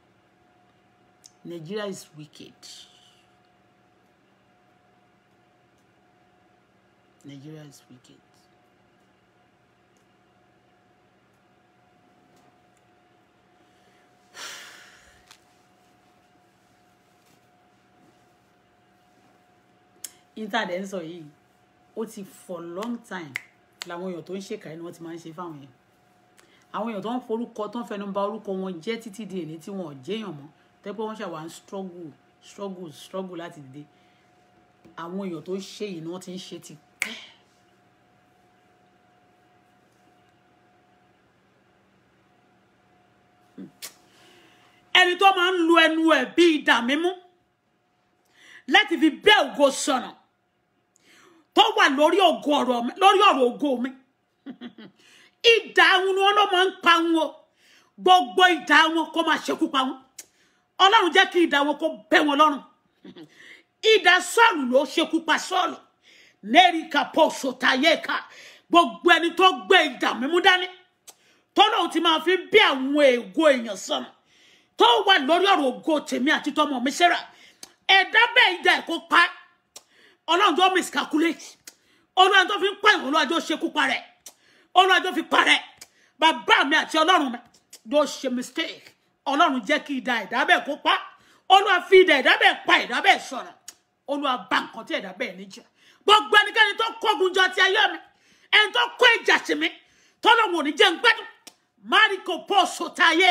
Nigeria is wicked. Nigeria is wicked. Internet ń sọ yìí, ó ti for long time làwọn èèyàn tó ń ṣèkà ẹni wọ́n ti máa ń ṣe fáwọn èèyàn. Àwọn èèyàn tó ń forúkọ tó ń fẹnu ba orúkọ wọn jẹ́ títí di èlé tí wọn ò jẹ́yàn mọ́ tẹ́pẹ́ wọ́n ṣàwà struggle struggle struggle láti dìde àwọn èèyàn tó ṣe yìí ni wọ́n ti ń ṣe ti pẹ́. ẹni tó máa ń lu ẹnu ẹ̀ bí idà mímú láti fi bẹ́ẹ̀ ògo sọ̀nà tó wà lórí ọ̀rọ̀ ògo mi idà ni wọn ló máa ń pa wọn gbogbo idà kó máa ṣekú pa wọn ọlọ́run jẹ́ kí idà wọn kó bẹ́ wọn lọ́rùn idà sọ́ọ̀lù ló ṣekú pa sọ́ọ̀lù lẹ́ríkà pọ̀ṣọ tayéka gbogbo ẹni tó gbé idà mímú dání tọ́lọ́run ti máa fi bí àwọn èègo èèyàn sọnù tó wà lórí ọ̀rọ̀ ògo tèmi àti tọmọ mi ṣẹ́ra ẹ̀dá bẹ́ẹ̀ idà ẹ̀kọ́ pa ọlọ́run tó miscalculate ọlọ́run tó fi ń pààyàn ọlọ́run tó ṣekú pa rẹ̀ ọlọ́run fi pa rẹ̀ bàbá mi àti ọlọ́run mi ló ṣe mistake ọlọ́run jẹ́ kí idà ẹ̀dá bẹ́ẹ̀ kó pa olúwa fi idà ẹ̀dá bẹ́ẹ̀ pa ẹ̀dá bẹ́ẹ̀ sọ̀rọ̀ olúwa bá nǹkan tí ẹ̀dá bẹ́ẹ̀ níjà gbogbo ẹnikẹ́ni tó kógun jọ ti ayé mi ẹni tó kó ìjà sí mi tọ́lọ́run ò ní jẹ́ ń gbádùn máríkò paul sọ̀tàyé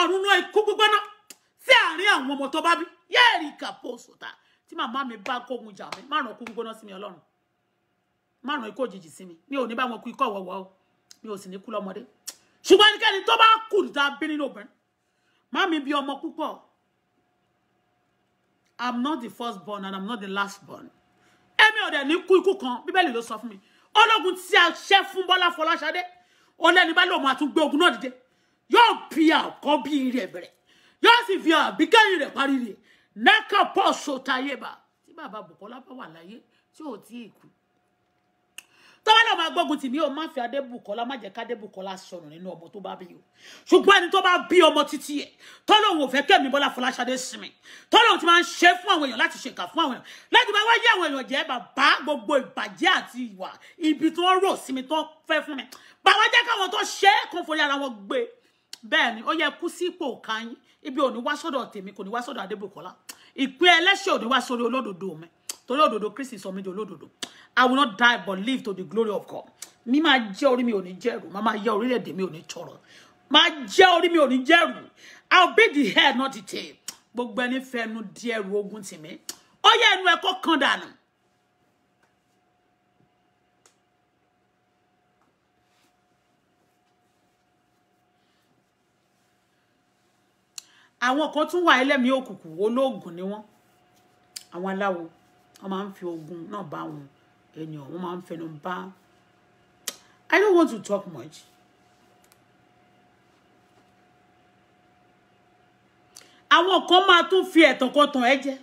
ọ̀run náà ikú gbígbóná sí àárín àwọn ọmọ tó bá bí yẹ́ẹ̀rì kà paul sọ̀tà tí màmá mi bá kógun jà mí má ràn ikú gbígbóná sí mi ọlọ́run má ràn ikú òjijì sí mi mi ò ní bá wọn kú ikọ́ wọ̀wọ́ mi ò sì ní kú lọ́mọdé ṣùgbọ́n ẹnikẹ́ni tó bá kù níta bí nínú obìnrin Mami bí ọmọ púpọ̀. I'm not the first born and I'm not the last born. Èmi o dẹ̀ ní kú ikú kan, Bíbélì ló sọ fún mi. Ológun tí a folashade. fún Bọ́lá Fọláṣadé, ó lẹ́ni bá lòun àtúngbé ogun náà dìde. Yóò fi àkọ́bí rẹ̀ bẹ̀rẹ̀. Yóò sì fi àbíkẹ́yìn rẹ̀ parí rẹ̀. Nẹ́kà pọ̀ sọ̀tayé bá. Tí bàbá Bùkọ́lá bá wà láyé tí ò tí ì kú tó bá lọ́ọ́ máa gbógun tì mí o má fi adébùkọ́lá má jẹ́ kádébùkọ́lá sọnù nínú ọmọ tó bá bí o ṣùgbọ́n ẹni tó bá bí ọmọ títí ẹ̀ tó lóun ò fẹ́ kẹ́mi bọ́lá fọláṣadé sinmi tó lóun ti máa ń ṣe fún àwọn èèyàn láti ṣèkà fún àwọn èèyàn láti máa wáyé àwọn èèyàn jẹ́ bàbá gbogbo ìbàjẹ́ àti ìwà ibi tí wọ́n rò sí mi tó fẹ́ fún mi bàbá jẹ́ káwọn tó ṣe é kún forí ara wọn gbé bẹ́ẹ̀ ni ó yẹ kú sípò kányín ibi ò ní wá sọ́dọ̀ tèmi kò ní wá sọ́dọ̀ adébùkọ́lá ìpín ẹlẹ́ṣẹ̀ ò wá sórí olódodo mi torí òdodo kristi sọ mí di olódodo I will not die but live to the glory of God. Mi máa jẹ́ orí mi oni ní jẹ́rù, màá máa yẹ orílẹ̀-èdè mi oni choro. tọrọ. Màá jẹ́ mi oni ní I'll be the head not the tail. Gbogbo ẹni fẹnu di ẹrù ogun tì mí. Ó yẹ ẹnu ẹ kó kan dànù. Àwọn kan tún wà ẹlẹ́mìí òkùnkùn olóògùn ni wọ́n. Àwọn aláwo, wọ́n máa ń fi ogun náà bá wọn ẹni ọ̀hún máa ń fẹnu I don't want to talk much. I kan come out to ẹ̀tàn kan tàn ẹ́ edge.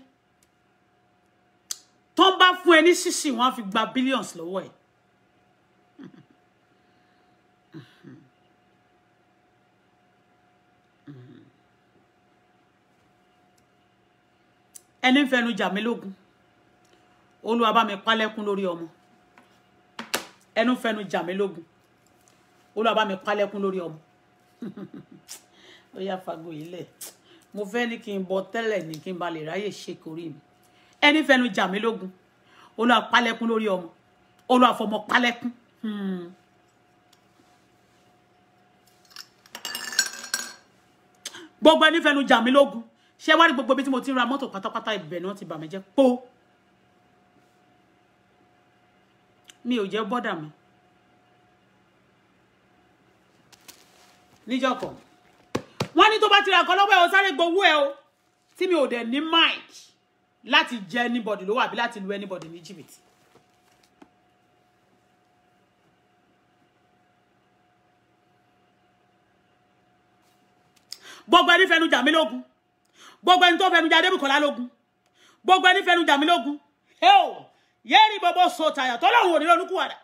tó ń bá fún ẹ ní ṣíṣì wọn á fi gba billions lọ́wọ́ ẹ̀. ẹni ń fẹnu olúwa bá mi pálẹ́kún lórí ọmọ ẹnu fẹnu jà mí lógun olúwa bá mi pálẹ́kún lórí ọmọ ó yá fagbó yìí lẹ̀ mo fẹ́ ní kí n bọ tẹ́lẹ̀ ní kí n ba lè ráyè ṣe kórè mi ẹni fẹnu jà mí lógun olúwa pálẹ́kún lórí ọmọ olúwa fọmọ pálẹ́kún. Hmm. gbogbo ẹni fẹnu jà mí lógun ṣé wá rí gbogbo ibi tí mo ti ń ra mọ́tò pátápátá ibẹ̀ náà ti bà mí jẹ́ pọ́. mi ò jẹ́ bọ́dà mi níjọ́ kan wọ́n ní tó bá ti ra nǹkan lọ́wọ́ o sáré gbowó ẹ̀ o tí mi ò dẹ̀ ní mind láti jẹ anybody lówó àbí láti lu anybody ní jìbìtì. gbogbo ẹni fẹnujà mí lógun gbogbo ẹni tó fẹnujà Adébùkọ́lá lógun gbogbo ẹni fẹnujà mí lógun ẹ o yẹ́rì bọ́bọ́ so tàyà tọ́lọ́wọ́ òní lọ́nùkú wàdà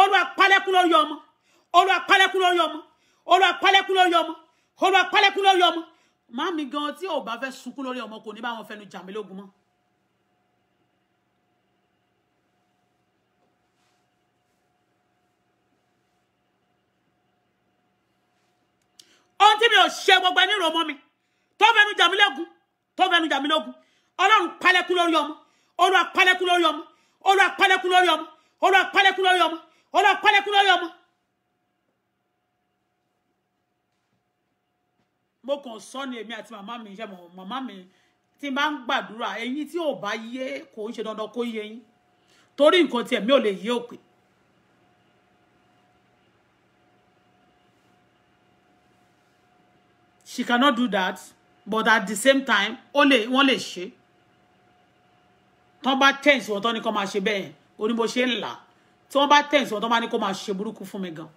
Olúwa pálẹ́kún lórí ọmọ Olúwa pálẹ́kún lórí ọmọ Olúwa pálẹ́kún lórí ọmọ Olúwa pálẹ́kún lórí ọmọ má mi gan tí ò bá fẹ́ sunkún lórí ọmọ kò ní bá wọn fẹnu jàmí lógun mọ́. ohun tí mi ò ṣe gbogbo ẹni rò mọ́ mi tó fẹnu jàmí lógun tó fẹnu jàmí lógun Ọlọ́run pálẹ́kún lórí ọmọ Olúwa pálẹ́kú lórí ọmọ Olúwa pálẹ́kú lórí ọmọ Olúwa pálẹ́kú lórí ọmọ Olúwa pálẹ́kú lórí ọmọ. mo kàn sọ ni èmi àti màmá mi ṣe màmá mi tí n bá ń gbàdúrà ẹ̀yin tí ò bá yé dandan kó yé yín torí nǹkan tí ẹ̀mí ò lè yé òpin. she cannot do that but at the same time ó lè wọ́n lè tán bá tẹ̀sí wọn tán ní kó máa ṣe bẹ́ẹ̀ orí mo ṣe ń tí wọ́n bá tẹ̀sí wọn tán bá ní kó máa ṣe burúkú fún mi gan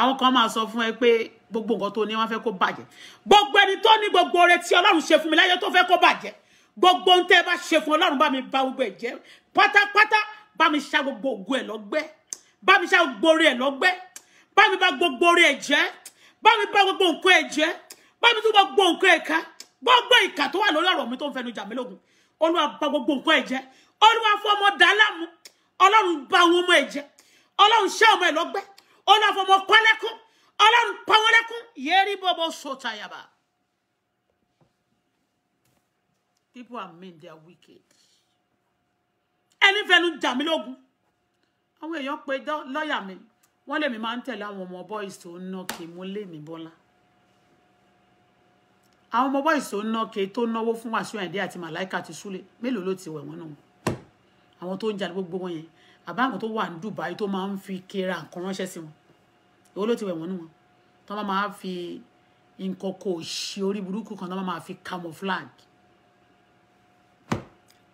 àwọn kan máa sọ fún ẹ pé gbogbo nǹkan tó ní wọ́n fẹ́ kó bàjẹ́ gbogbo ẹni tó ní gbogbo oore tí Ọlọ́run ṣe fún mi láyé tó fẹ́ kó bàjẹ́ gbogbo ohun tẹ́ ẹ bá ṣe fún Ọlọ́run bá mi ba gbogbo ẹ̀ jẹ́ pátápátá bá mi ṣá gbogbo ògùn ẹ̀ lọ́gbẹ́ bá mi ṣá gbogbo oore ẹ̀ lọ́gbẹ́ bá mi ba gbogbo oore ẹ̀ jẹ́ bá mi ba gbogbo nǹkan ẹ̀ jẹ́ bá mi tún gbogbo nǹkan ẹ̀ ká gbogbo ìkà tó wà lórí ọ̀rọ̀ mi tó ń fẹnu jà olúwa bà gbogbo nǹkan ẹ̀ olúwa fún ọmọ dàlámù ọlọ́run bà àwọn ọmọ ẹ̀ ọlọ́run ṣẹ́ ọmọ ẹ̀ lọ́gbẹ́ olúwa fún ọmọ kọ́lẹ́kún ọlọ́run pa wọ́n lẹ́kún bọ́bọ́ sọ̀tà yàbá. people are mean they are wicked ẹni fẹnu jà mí lógun àwọn èèyàn pe lọ́ọ̀yà mi wọ́n lè mi máa ń tẹ̀lé àwọn ọmọ boys tó ń ná kí mo lè mí bọ́lá àwọn ọmọ bọ́ìsì tó ń ná ke tó náwó fún Wàsíù Àyìndé àti Màláìka àti Súlẹ̀ mélòó ló ti wẹ̀ wọ́n náà àwọn tó ń jalè gbogbo wọn yẹn àbá àwọn tó wà ní Dubai tó máa ń fi kéra nǹkan ránṣẹ́ sí wọn èwo ló ti wẹ̀ wọ́n nù wọn tó máa fi nǹkan kò ṣe orí burúkú kan tó máa fi camouflage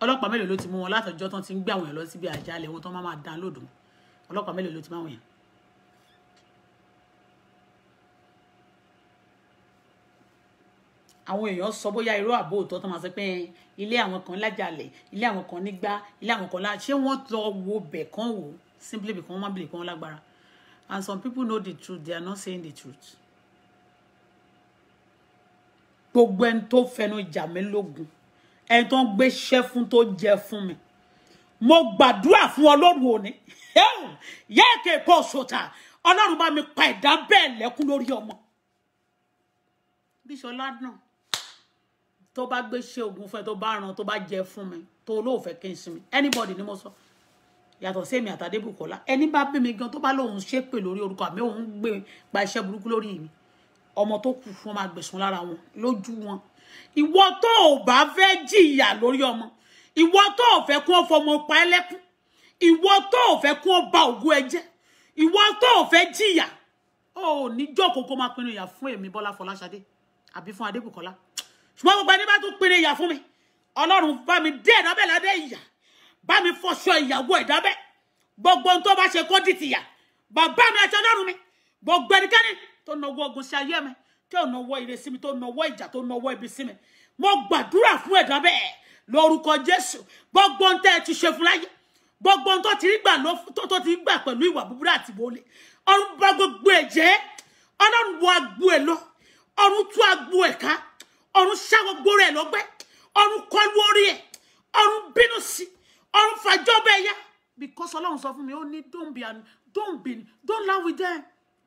ọlọ́pàá mélòó ló ti mú wọn látọjọ́ tán ti ń gbé àwọn èèyàn lọ síbi àjálẹ̀ wọn tó máa máa dán lódùn ọlọ́pàá mélòó ló ti máa wọ̀nyàn àwọn èèyàn sọ bóyá irú àbò òótọ́ tó máa sọ pé ilé àwọn kan lájàlẹ̀ ilé àwọn kan nígbà ilé àwọn kan lá ṣé wọ́n lọ wo bẹ̀ kán wò simply because wọ́n má bìlì pé wọ́n lágbára and some people know the truth they are not saying the truth. gbogbo ẹni tó fẹnu jà mí lógun ẹni tó ń gbéṣẹ́ fún tó jẹ fún mi mo gbàdúrà fún ọlọ́run òní yẹ́ẹ̀kẹ́ kó sọ̀tà ọlọ́run bá mi pa ẹ̀dá bẹ́ẹ̀ lẹ́kún lórí ọmọ bíṣọlá tó bá gbé ṣe oògùn fún ẹ tó bá ràn tó bá jẹ fún mi tó olóòfẹ́ kí n sinmi anybody ni mo sọ yàtọ̀ sí èmi àtàdébùkọ́lá ẹni bá bí mi gan tó bá lóun ṣépè lórí orúkọ àmì òun gbé gba iṣẹ́ burúkú lórí mi ọmọ tó kù fún máa gbẹ̀sùn lára wọn lójú wọn ìwọ tó o bá fẹ́ jìyà lórí ọmọ ìwọ tó o fẹ́ kún ọfọmọ pa ẹ lẹ́kún ìwọ tó o fẹ́ kún ọba ògùn ẹ jẹ́ ìwọ tó o fẹ́ jìyà ó níjọ́ kókó máa pinnu ìyà fún èmi bọ́lá fọláṣadé àbí fún adébùkọ́lá ṣùgbọ́n gbogbo ẹni bá tún pinne ìyà fún mi ọlọ́run bá mi dé ẹ̀dábẹ́ lábẹ́ ìyà bá mi fọṣọ ìyàwó ẹ̀dábẹ́ gbogbo ohun tó bá ṣe kó dì tìyà bàbá mi àti ọlọ́run mi gbogbo ẹnikẹ́ni tó nọwọ́ ogun sí ayé mi tó nọwọ́ ire sí mi tó nọwọ́ ìjà tó nọwọ́ ibi sí mi mo gbàdúrà fún ẹ̀dábẹ́ lórúkọ jésù gbogbo ohun tẹ́ ẹ ti ṣe fún láyé gbogbo ohun tó ti gbà tó ti gbà pẹ̀lú ìwà búburú àti ìwọlé ọ̀run wo agbo ẹ̀ lọ ọ̀run tú gbogbo rẹ̀ ló gbẹ́ ọ̀run kọlu orí ẹ̀ ọ̀run bínú sí ọ̀run fàjọ bẹ́ẹ̀ because ọlọ́run sọ fún mi ó ní don't be don't be don't laugh with them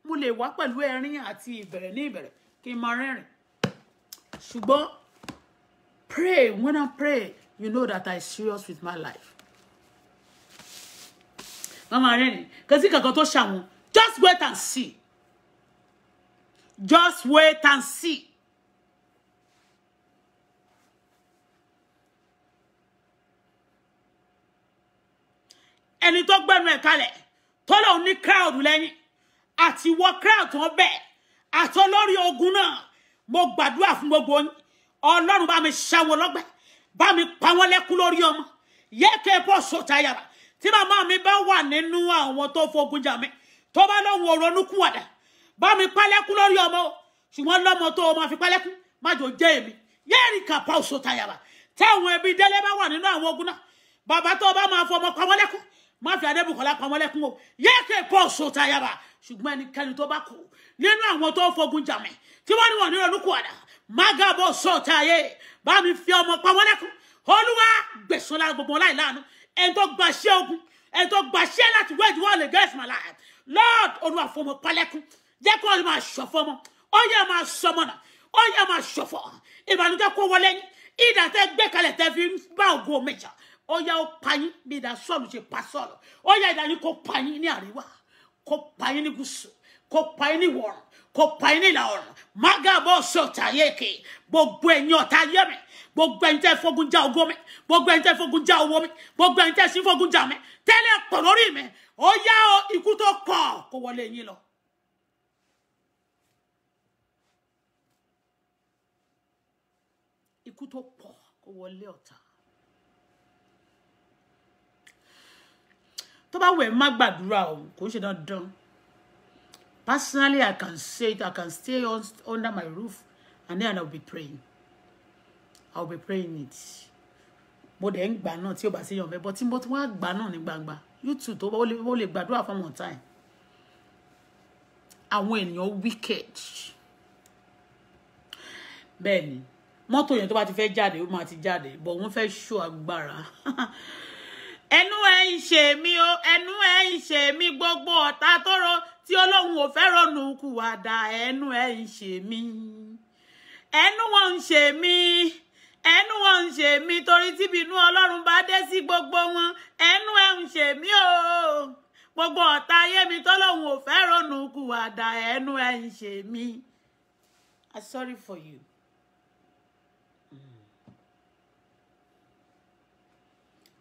mo lè wá pẹ̀lú ẹ̀rín àti ìbẹ̀rẹ̀ ní ìbẹ̀rẹ̀ kí n máa rẹ́rìn ṣùgbọ́n pray when I pray you know that I serious with my life wọ́n máa rẹ́rìn kẹ́sí kankan tó ṣàwọn just wait and see just wait and see. Eni tó gbẹnu ẹ̀ kalẹ̀ tó lòun ní crowd lẹ́yìn àti wọ crowd tó ń bẹ̀ àti olórí ogun náà mo gbàdúrà fún gbogbo yín ọlọ́run bá mi ṣàwọn lọ́gbẹ́ bá mi pa wọ́n lẹ́kú lórí ọmọ yẹ́kẹ́ bọ́ sọ̀tà yàrá tí màmá mi bá wà nínú àwọn tó fogun jà mí tó bá lọ́hùn òrónúkú wàdà bá mi pa lẹ́kú lórí ọmọ ṣùgbọ́n lọ́mọ tó o máa fi pa lẹ́kú má jò jẹ́ èmi yẹ́rì kàpá sọ̀tà yàrá táwọn ẹbí délé bá wà nínú àwọn ogun náà bàbá tó o bá máa fọmọ pa wọ́n lẹ́kú má fi adébùkọ́lá pamọ́ lẹ́kún o yéèké paul sota yaba ṣùgbọ́n ẹnikẹ́ni tó bá kú nínú àwọn tó fogun jàmẹ tí wọ́n ní wọ́n nínú olùkọ́dà mágàbọ sota yé bá mi fi ọmọ pamọ́ lẹ́kún olúwa gbẹ̀san lára gbogbo láì láàánú ẹni tó gbaṣẹ́ ogun ẹni tó gbaṣẹ́ láti wẹẹdì wọn lè gẹẹsì màlá lord olúwa fọmọ palẹ̀kùn jẹ́ kó ọlọmọ àṣọfọ mọ ó yẹ máa sọmọ náà ó yẹ máa ṣọ̀fọ̀ ìbànújẹ́ kó ìdàtẹ gbé tẹ fi bá ògo méjà ó yá ó pa yín bí ìdá sọ́ọ̀lù ṣe pa sọ́ọ̀lù ó yá ìdá yín kó pa yín ní àríwá kó pa yín ní gúúsù kó pa yín ní ìwọ̀ oòrùn kó pa ní ìlà mágàbọ̀ sọ̀tà yéèké gbogbo ẹ̀yin ọ̀tá ayé mi gbogbo ẹ̀yin tẹ́ fógun já ògo mi gbogbo ẹ̀yin tẹ́ fógun já owó mi gbogbo ẹ̀yin tẹ́ sí fógun já mi tẹ́lẹ̀ pọ̀ lórí mi ó yá o ikú tó kọ̀ kó wọlé yín lọ. ikú tó pọ̀ kó wọlé ọ̀tá tó bá wẹ̀ má gbàdúrà o kò ṣe dandan personally i can say it i can stay on, under my roof and then i will be praying i will be praying it mo dẹ̀ ń gbà náà tí ó bá sí yan mẹ́bọ tí mo tún wá gbà náà ní gbangba youtube tó ó lè gbàdúrà fún ọmọ time àwọn ènìyàn wicked bẹ́ẹ̀ ni mọ́tò yẹn tó bá ti fẹ́ jáde ó máa ti jáde but wọ́n fẹ́ ṣó agbára ẹnu ẹ̀yin ṣe mí o ẹnu ẹ̀yin ṣe mí gbogbo ọ̀tá tóró tí Ọlọ́hun ò fẹ́ ronú kù wá dà ẹnu ẹ̀yin ṣe mí ẹnu wọn ń ṣe mí ẹnu wọn ń ṣe mí torí tíbi inú Ọlọ́run bá dé sí gbogbo wọn ẹnu ẹ̀ ń ṣe mí o gbogbo ọ̀tá ayé mi tọ́lọ́hun ò fẹ́ ronú kù wá dà ẹnu ẹ̀yin ṣe mí. I'm sorry for you.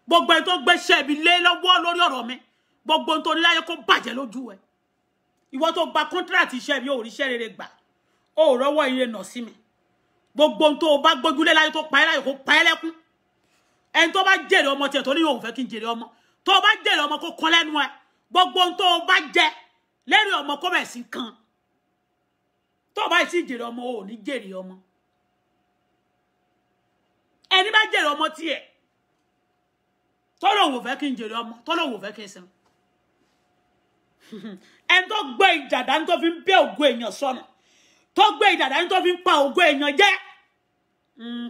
gbogbo ẹni tó gbéṣẹ́ mi lé lọ́wọ́ lórí ọ̀rọ̀ mi gbogbo nítorí láyé kó bàjẹ́ lójú ẹ ìwọ tó gba kọ́ńtíráàtì iṣẹ́ mi ò ríṣẹ́ rere gbà ó rọ́wọ́ ire nà sí mi gbogbo tó o bá gbójúlé láyé tó pa ẹ́ láyé kó pa ẹ́ lẹ́kún ẹni tó bá jèrè ọmọ tiẹ̀ tó ní òun fẹ́ kí n jèrè ọmọ tó o bá jèrè ọmọ kó kan lẹ́nu ẹ gbogbo tó o bá jẹ lérí ọmọ kó bẹ̀ sí kan tó o bá sì jèrè ọmọ ò ní jèrè ọmọ ẹni bá jèrè ọmọ tiẹ̀ tọ́lọ̀ wò fẹ́ kí n jèrè ọmọ tọ́lọ̀ wò fẹ́ kí n sin ẹni tó gbé ìjàdá ní tó fi ń bẹ́ ògo èèyàn sọnù tó gbé ìjàdá ní tó fi ń pa ògo èèyàn jẹ́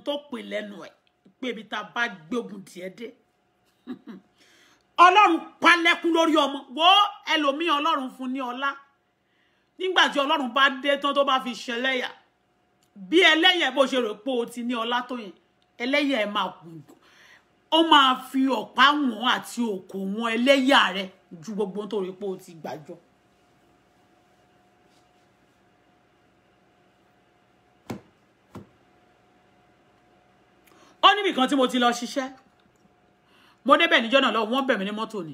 tó pè lẹ́nu ẹ̀ pé ibi tá a bá gbógun tiẹ̀ dé ọlọ́run palẹ́kún lórí ọmọ wo ẹlòmíì ọlọ́run fún ní ọlá nígbà tí ọlọ́run bá dé tán tó bá fi ṣẹlẹ́yà bí ẹlẹ́yà bó ṣe rò pé o ti ní ọlá tó yẹn ẹlẹ́yà ẹ̀ máa gùn ó máa fi ọ̀pá wọn àti òkò wọn ẹlẹ́yà rẹ ju gbogbo tó rí pé o ti gbàjọ. ó níbì kan tí mo ti lọ ṣiṣẹ́ mo débẹ̀ níjọ́ náà lọ wọ́n bẹ̀ mí ní mọ́tò ni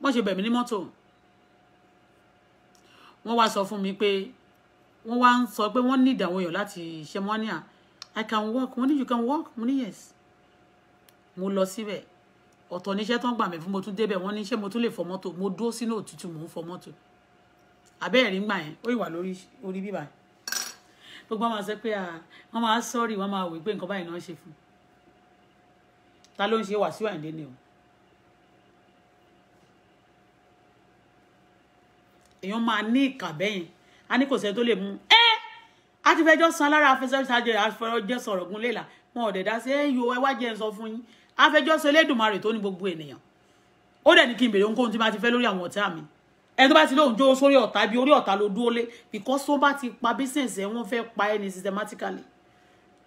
wọ́n ṣe bẹ̀ mí ní mọ́tò wọ́n wá sọ fún mi pé wọ́n wá ń sọ pé wọ́n ní ìdàwọn èèyàn láti ṣe mọ́níà ah, I can work. wọ́n ní you can work. mo ní yes mo lọ síbẹ̀ ọ̀tọ̀ níṣẹ́ tán gbà mí fún mo tún débẹ̀ wọ́n níṣẹ́ mo tún lè fọ mọ́tò mo dúró sínú òtútù mò ń fọ mọ́tò àbẹ́ẹ̀ rí gbà yẹn ó ìwà lórí orí bíbà gbogbo àwọn àṣẹ pé wọ́n máa sọ́ọ̀rì wọ́n máa wí pé nǹkan báyìí náà ṣe fún ta ló ń ṣe Wàsíù Àyìndé ni o èèyàn máa ní ìkà bẹ́yìn a ní kò sẹ́ni tó lè mú ẹ́ a ti fẹjọ́ san lára afẹsẹ́sájẹ àfẹrọjẹ sọ̀rọ̀ gúnlẹ̀ là wọn ò dẹ̀ dá sí ẹ́ yòó ẹ wá jẹ́ ń sọ fún yín afẹjọ́sọ Elédùmarè tó ní gbogbo ènìyàn ó dẹ̀ ní kí n bèrè ohunkóhun tí bá ti fẹ́ lórí àwọn ọ̀tá mi ẹni tó bá ti lóun jó sórí ọ̀tá bí orí ọ̀tá ló dúró lé because tó bá ti pa business ẹ wọ́n fẹ́ pa ẹni systematically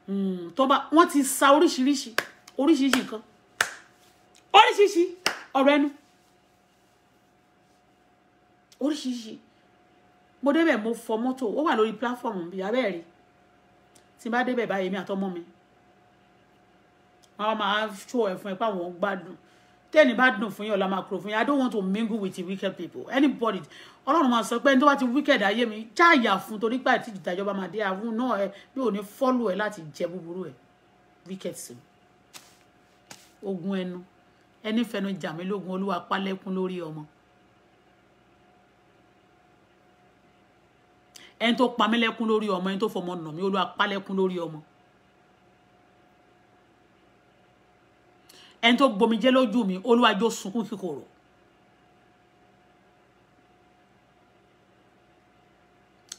hmm, tó bá wọ́n ti sa oríṣiríṣi oríṣiríṣi nǹkan oríṣiríṣi ọ̀rọ̀ ẹnu oríṣiríṣi mo débẹ̀ mo fọ mọ́tò ó wà lórí platform bí abẹ́ẹ̀rí tí n bá débẹ̀ báyìí mi àtọmọ mi wọn máa ṣó ẹ fún ẹ pé àwọn gbádùn tẹ́ni bá dùn fún yín ọ̀la máa kúrò fún yín i don't want to mingle with the wicked people anybody ọlọ́run máa sọ pé ẹni tó bá ti wicked ayé mi jáàyà fún torí pé àti ìdájọba máa dé àwọn náà ẹ bí ò ní fọ́lù ẹ láti jẹ búburú ẹ wicked sí ogun ẹnu ẹni fẹnu jàmí lógun olúwa pálẹ́kún lórí ọmọ ẹni tó pamílẹ́kún lórí ọmọ ẹni tó fọmọ nà olúwa pálẹ́kún lórí ọmọ. ẹni tó gbomijẹ́ lójú mi Olúwa jọ̀ọ́ sunkún kíkorò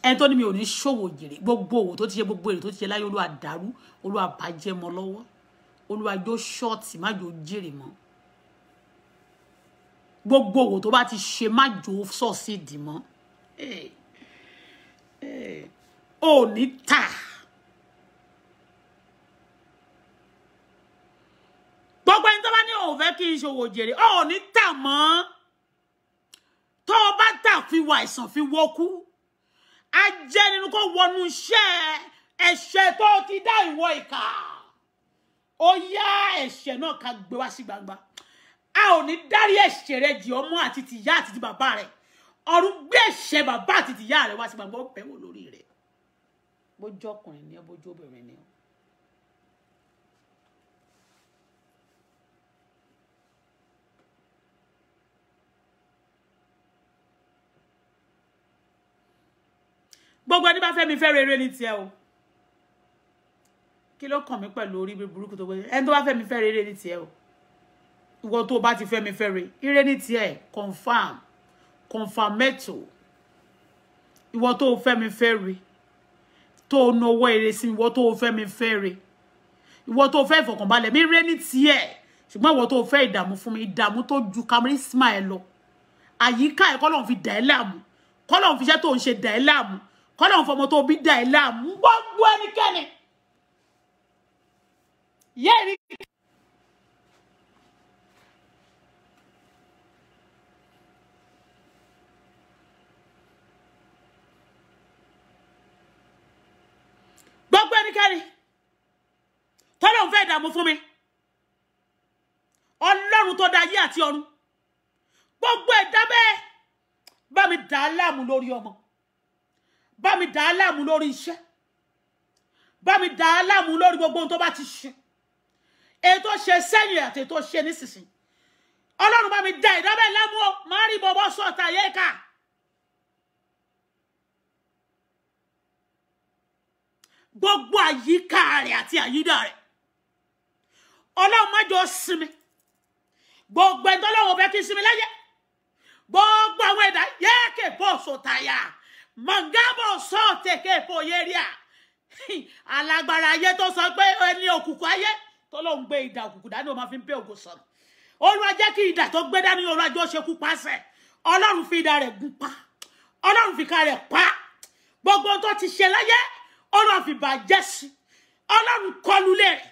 ẹni tó ní mi ò ní ṣòwò jèrè gbogbo òwò tó ti ṣe gbogbo èrè tó ti ṣe láyé Olúwa dàrú Olúwa bàjẹ́ mọ́ lọ́wọ́ Olúwa ṣọ́ọ̀tì má jèrè mọ́ gbogbo òwò tó bá ti ṣe má jọ̀ọ́ sọ̀ọ́sì dì mọ́ ò ní tà. gbogbo ẹni tó bá ní òun fẹ́ kí n ṣòwò jèrè ò ní tà mọ́ tó o bá tà fi wà àìsàn fi wọkú ajẹ́ nínú kó wọnú iṣẹ́ ẹ̀ṣẹ̀ tó ti dá ìwọ ìkà ó yá ẹ̀ṣẹ̀ náà ká gbé wá sí gbangba a ò ní dárí ẹ̀ṣẹ̀ rẹ jì ọmọ àti tìyá àti ti bàbá rẹ ọ̀run gbé ẹ̀ṣẹ̀ bàbá àti tìyá rẹ wá sí gbangba ó bẹ̀wò lórí rẹ bójú ọkùnrin ni ẹ bójú obìnrin ni ẹ gbogbo ẹni bá fẹ́ mi fẹ́ rere ní tiẹ̀ o kí ló kàn mí pẹ̀lú orí burúkú tó gbé ẹni tó bá fẹ́ mi fẹ́ rere ní tiẹ̀ o ìwọ tó bá ti fẹ́ mi fẹ́ re ire ní tiẹ̀ confam confamẹ́tò ìwọ tó fẹ́ mi fẹ́ re tó náwó èrè sí ìwọ tó fẹ́ mi fẹ́ re ìwọ tó fẹ́ ìfọ̀kànbalẹ̀ mi ire ní tiẹ̀ ṣùgbọ́n ìwọ tó fẹ́ ìdààmú fún mi ìdààmú tó ju kamarisma ẹ lọ àyíká ẹ kọ́ ló fi dà ẹ́ láàmú kọ́ ló fi iṣẹ́ tó ń ṣe dà ẹ́ láàmú kọ́lọ̀ fọmọ tó bí dà ẹ́ láàmú gbogbo ẹnikẹ́ni yẹ́ ẹ̀rí gbogbo ẹnikẹ́ni tọ́lọ̀ ń fẹ́ ìdààmú fún mi ọlọ́run tó dá ayé àti ọ̀run gbogbo ẹ̀dá bẹ́ẹ̀ bá mi dà á láàmú lórí ọmọ bá mi dà á láàmú lórí iṣẹ́ bá mi dà á láàmú lórí gbogbo ohun tó bá ti ṣe èyí tó ṣe sẹ́yìn àti èyí tó ṣe nísinsìnyí ọlọ́run bá mi dà ìdábẹ́ láàmú o máa rí bọ́bọ́ sọ̀tà yé ká. gbogbo àyíká rẹ̀ àti àyídà rẹ̀ ọlọ́run má sinmi gbogbo ẹ̀ńtọ́ bẹ́ẹ̀ kí sinmi láyé gbogbo àwọn ẹ̀dá yẹ́ẹ̀kẹ́ bọ́ọ̀sù tàyà mọ̀ngàbọ̀ sọ̀tẹ̀kẹ́ fòyéríà alágbára ayé tó sọ pé ẹni òkùnkùn ayé tó ló ń gbé ìdà òkùnkùn dání ó máa fi ń pé ògo sọ̀rọ̀ olúwa jẹ́ kí ìdà tó gbé dání olúwa jọ ṣekú pàṣẹ ọlọ́run fi ìdà rẹ̀ gún pa ọlọ́run fi ká rẹ̀ pa gbogbo tó ti ṣe láyé ọlọ́run fi bàjẹ́ sí ọlọ́run kọlulẹ̀ rẹ̀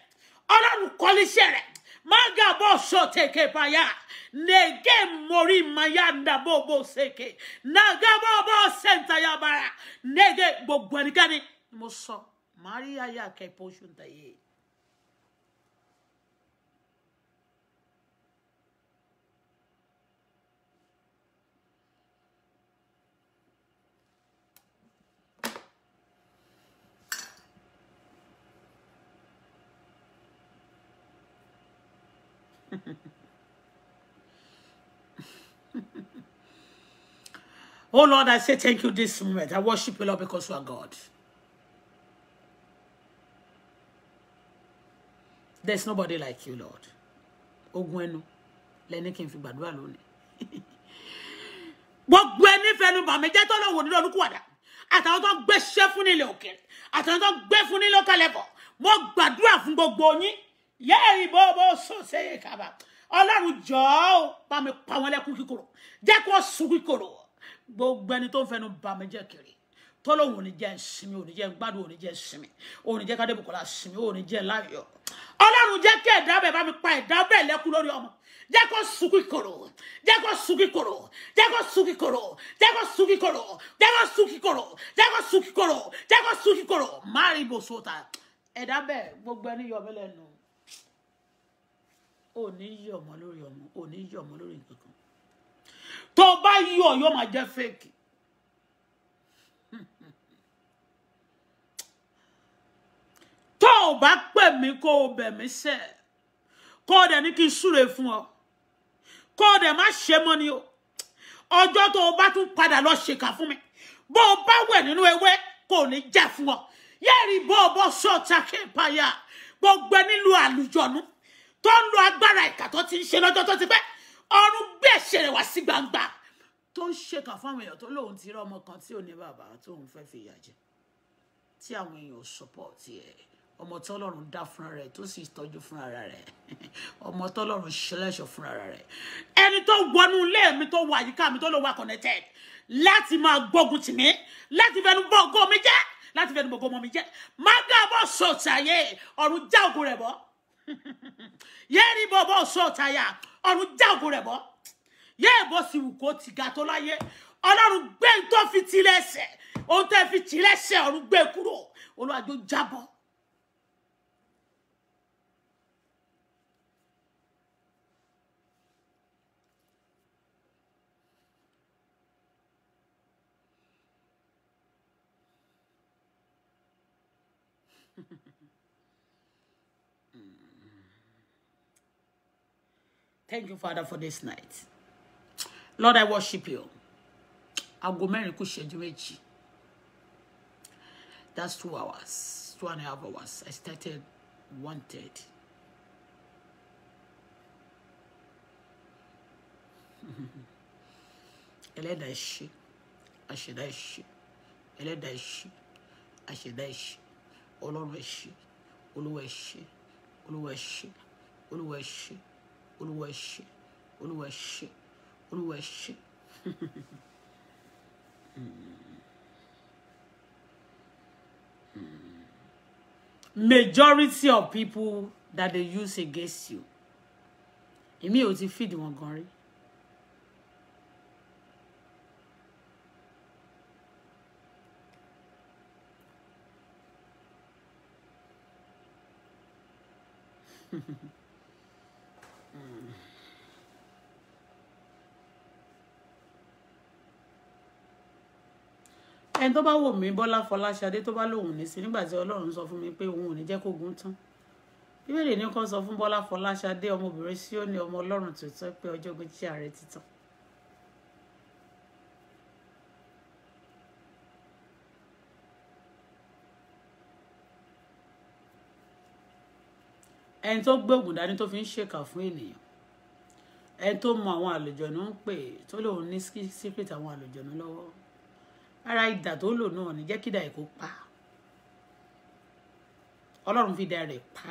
ọlọ́run kọlíṣẹ́ rẹ̀ magabo soteke paya nege mori mayanda bobo seke nagabo bo senta yabara nege gbogbo ẹnikẹ́ni mo sọ màá rí ayé akẹ́pọ̀ oṣù tẹ̀yẹ́. Oh Lord, I say thank you this moment. I worship you, Lord, because you are God. There's nobody like you, Lord. Ogun ẹnu lẹni kí n fi gbàdúrà lónìí. Gbogbo ẹni fẹnu bàmí jẹ́ tọ́lọ̀ wò nínú olúkúwàdà. Àtàwọn tó ń gbéṣẹ́ fún nílé òkèèrè. Àtàwọn tó ń gbé fún nílé ọkàlẹ́bọ̀. Mo gbàdúrà fún gbogbo yín. Yẹ́rì bó bó sùn séyè kábà. Ọlọ́run jọ̀ọ́ bá mi pa wọn lẹ́kún kíkorò. Jẹ́ gbogbo ẹni tó ń fẹnu bà mí jẹ́ kiri tọ́lọ́hún ò ní jẹ́ ìsinmi ò ní jẹ́ gbádùn ò ní jẹ́ ìsinmi ò ní jẹ́ kádébùkọ́lá ìsinmi ò ní jẹ́ láyọ̀ ọlọ́run jẹ́ kí ẹ̀dá bẹ̀ bá mi pa ẹ̀dá bẹ̀ lẹ́kú lórí ọmọ jẹ́ kó sugi koro. jẹ́ kó sunkún kòrò jẹ́ kó sunkún kòrò jẹ́ kó sunkún kòrò jẹ́ kó sunkún kòrò jẹ́ kó sunkún kòrò jẹ́ kó sunkún kòrò máa rí ibò sóta gbogbo ẹni yọ̀ mí lẹ́nu ò ní lórí ọmọ ò ní lórí nǹkan tó bá yọ yóò máa jẹ́ fake tó o bá pè mí kó o bẹ̀ mí sẹ́ kó o dẹ̀ ní kí n súre fún ọ kó o dẹ̀ má ṣe mọ́ ni o ọjọ́ tó o bá tún padà lọ ṣèkà fún mi bó o bá wẹ̀ nínú ewé kò ní jẹ́ fún ọ yẹ́rìí bó o bọ́ sọ́ọ̀tà kéèpáyà gbogbo nílùú àlùjọ̀nú tó ń lo agbára ìkà ti ń ṣe lọ́jọ́ tó ti pẹ́ ọ̀run gbé ẹ̀ṣẹ̀ rẹ̀ wá sí gbangba tó ń ṣèkà fáwọn èèyàn tó lóun ti rí ọmọ kan tí ò ní bàbá tóun fẹ́ fi ìyà jẹ tí àwọn èèyàn sọpọ́ọ̀tì ẹ̀ ọmọ tọ́lọ́run dá fúnra rẹ̀ tó sì tọ́jú fúnra rẹ̀ ọmọ tọ́lọ́run ṣẹlẹ́ṣọ fúnra rẹ̀ ẹni tó wọnú ilé mi tó wà yíká mi tó lọ wà connected láti máa gbógun tì mí láti fẹnu bọ́ ògo mi jẹ́ láti fẹnu bọ́ ògo ọmọ mi jẹ́ má gàbọ̀ sọ̀tàyè ọ̀run já ògo rẹ̀ bọ́. yéèrí bọ́bọ́ òṣù ọ̀tayà ọ̀run jágo rẹ̀ bọ́ yéè bó sì wù kó ti ga tó láyé ọlọ́run gbé ń tó fi ti lẹ́sẹ̀ ohun tẹ́ fi ti lẹ́sẹ̀ ọ̀run gbé kúrò olùwàjò jábọ́ Thank you, Father, for this night. Lord, I worship you. Aago mẹ́rin kù ìṣẹ́jú That's two hours, two and a half hours. I started one thirty. Ẹlẹ́dàá ẹ ṣé, àṣẹ̀dá ẹ ṣé, ẹlẹ́dàá ẹ olúwa ṣe olúwa majority of people that they use against you èmi ò ti feed wọn gan rí. mm Mm. ẹni tó bá wò mí Bọ́lá Fọláṣadé tó bá lòun ní sí nígbà tí Ọlọ́run sọ fún mi pé òun ò ní jẹ́ kógun tán ìbéèrè ní kan sọ fún Bọ́lá Fọláṣadé ọmọbìnrin sí ó ní ọmọ Ọlọ́run tòótọ́ pé ọjọ́ ogun jíjà rẹ̀ ti ẹni tó gbé ògùn dání tó fi ń ṣèkà fún ènìyàn ẹni tó mọ àwọn àlùjọ̀nù ń pè tó lòun ní secret àwọn àlùjọ̀nù lọ́wọ́ ara ìdà tó lò náà ní jẹ́ kídà èkó pa ọlọ́run fi da rẹ̀ pa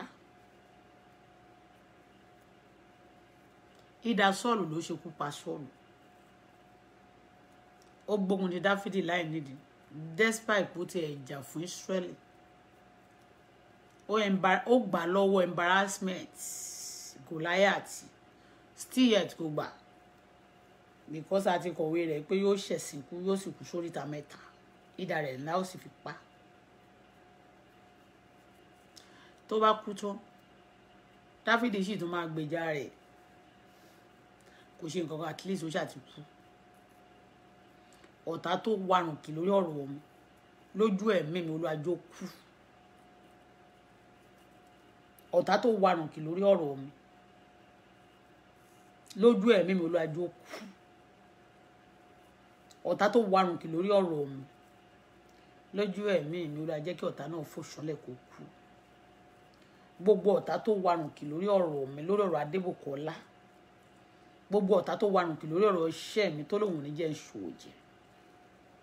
ìdà sọ́ọ̀lù ló ṣekú pa sọ́ọ̀lù ó gbógun ti dáfídì láì nídìí despite bó ti ẹ̀ jà fún Ísírẹ́lì ó gbà lọ́wọ́ embarrassment Goliath still yet kò gbà because a ti kọ̀wé rẹ̀ pé yóò ṣẹ̀sìn kú yóò sì kú sóríta mẹ́ta ìdá rẹ̀ ńlá ó sì fi pa tó bá kú tán Dáfídì sì tún máa gbèjà rẹ̀ kò ṣe nǹkan kan at least ó ṣàti kú ọ̀tá tó warùn kì lórí ọ̀rọ̀ ọ̀hún lójú ẹ̀mí mi olùwàjò kú ọ̀tá tó warùn kì lórí ọ̀rọ̀ mi lójú ẹ̀mí mi olùwàjò kú ọ̀tá tó warùn kì lórí ọ̀rọ̀ mi lójú ẹ̀mí mi olùwà kí ọ̀tá náà fò ṣánlẹ̀ kó kú gbogbo ọ̀tá tó warùn kì lórí ọ̀rọ̀ mi lórí ọ̀rọ̀ Adébùkọ́lá gbogbo ọ̀tá tó warùn kì lórí ọ̀rọ̀ iṣẹ́ mi tó lòun ò ní jẹ́ ìṣòwò jẹ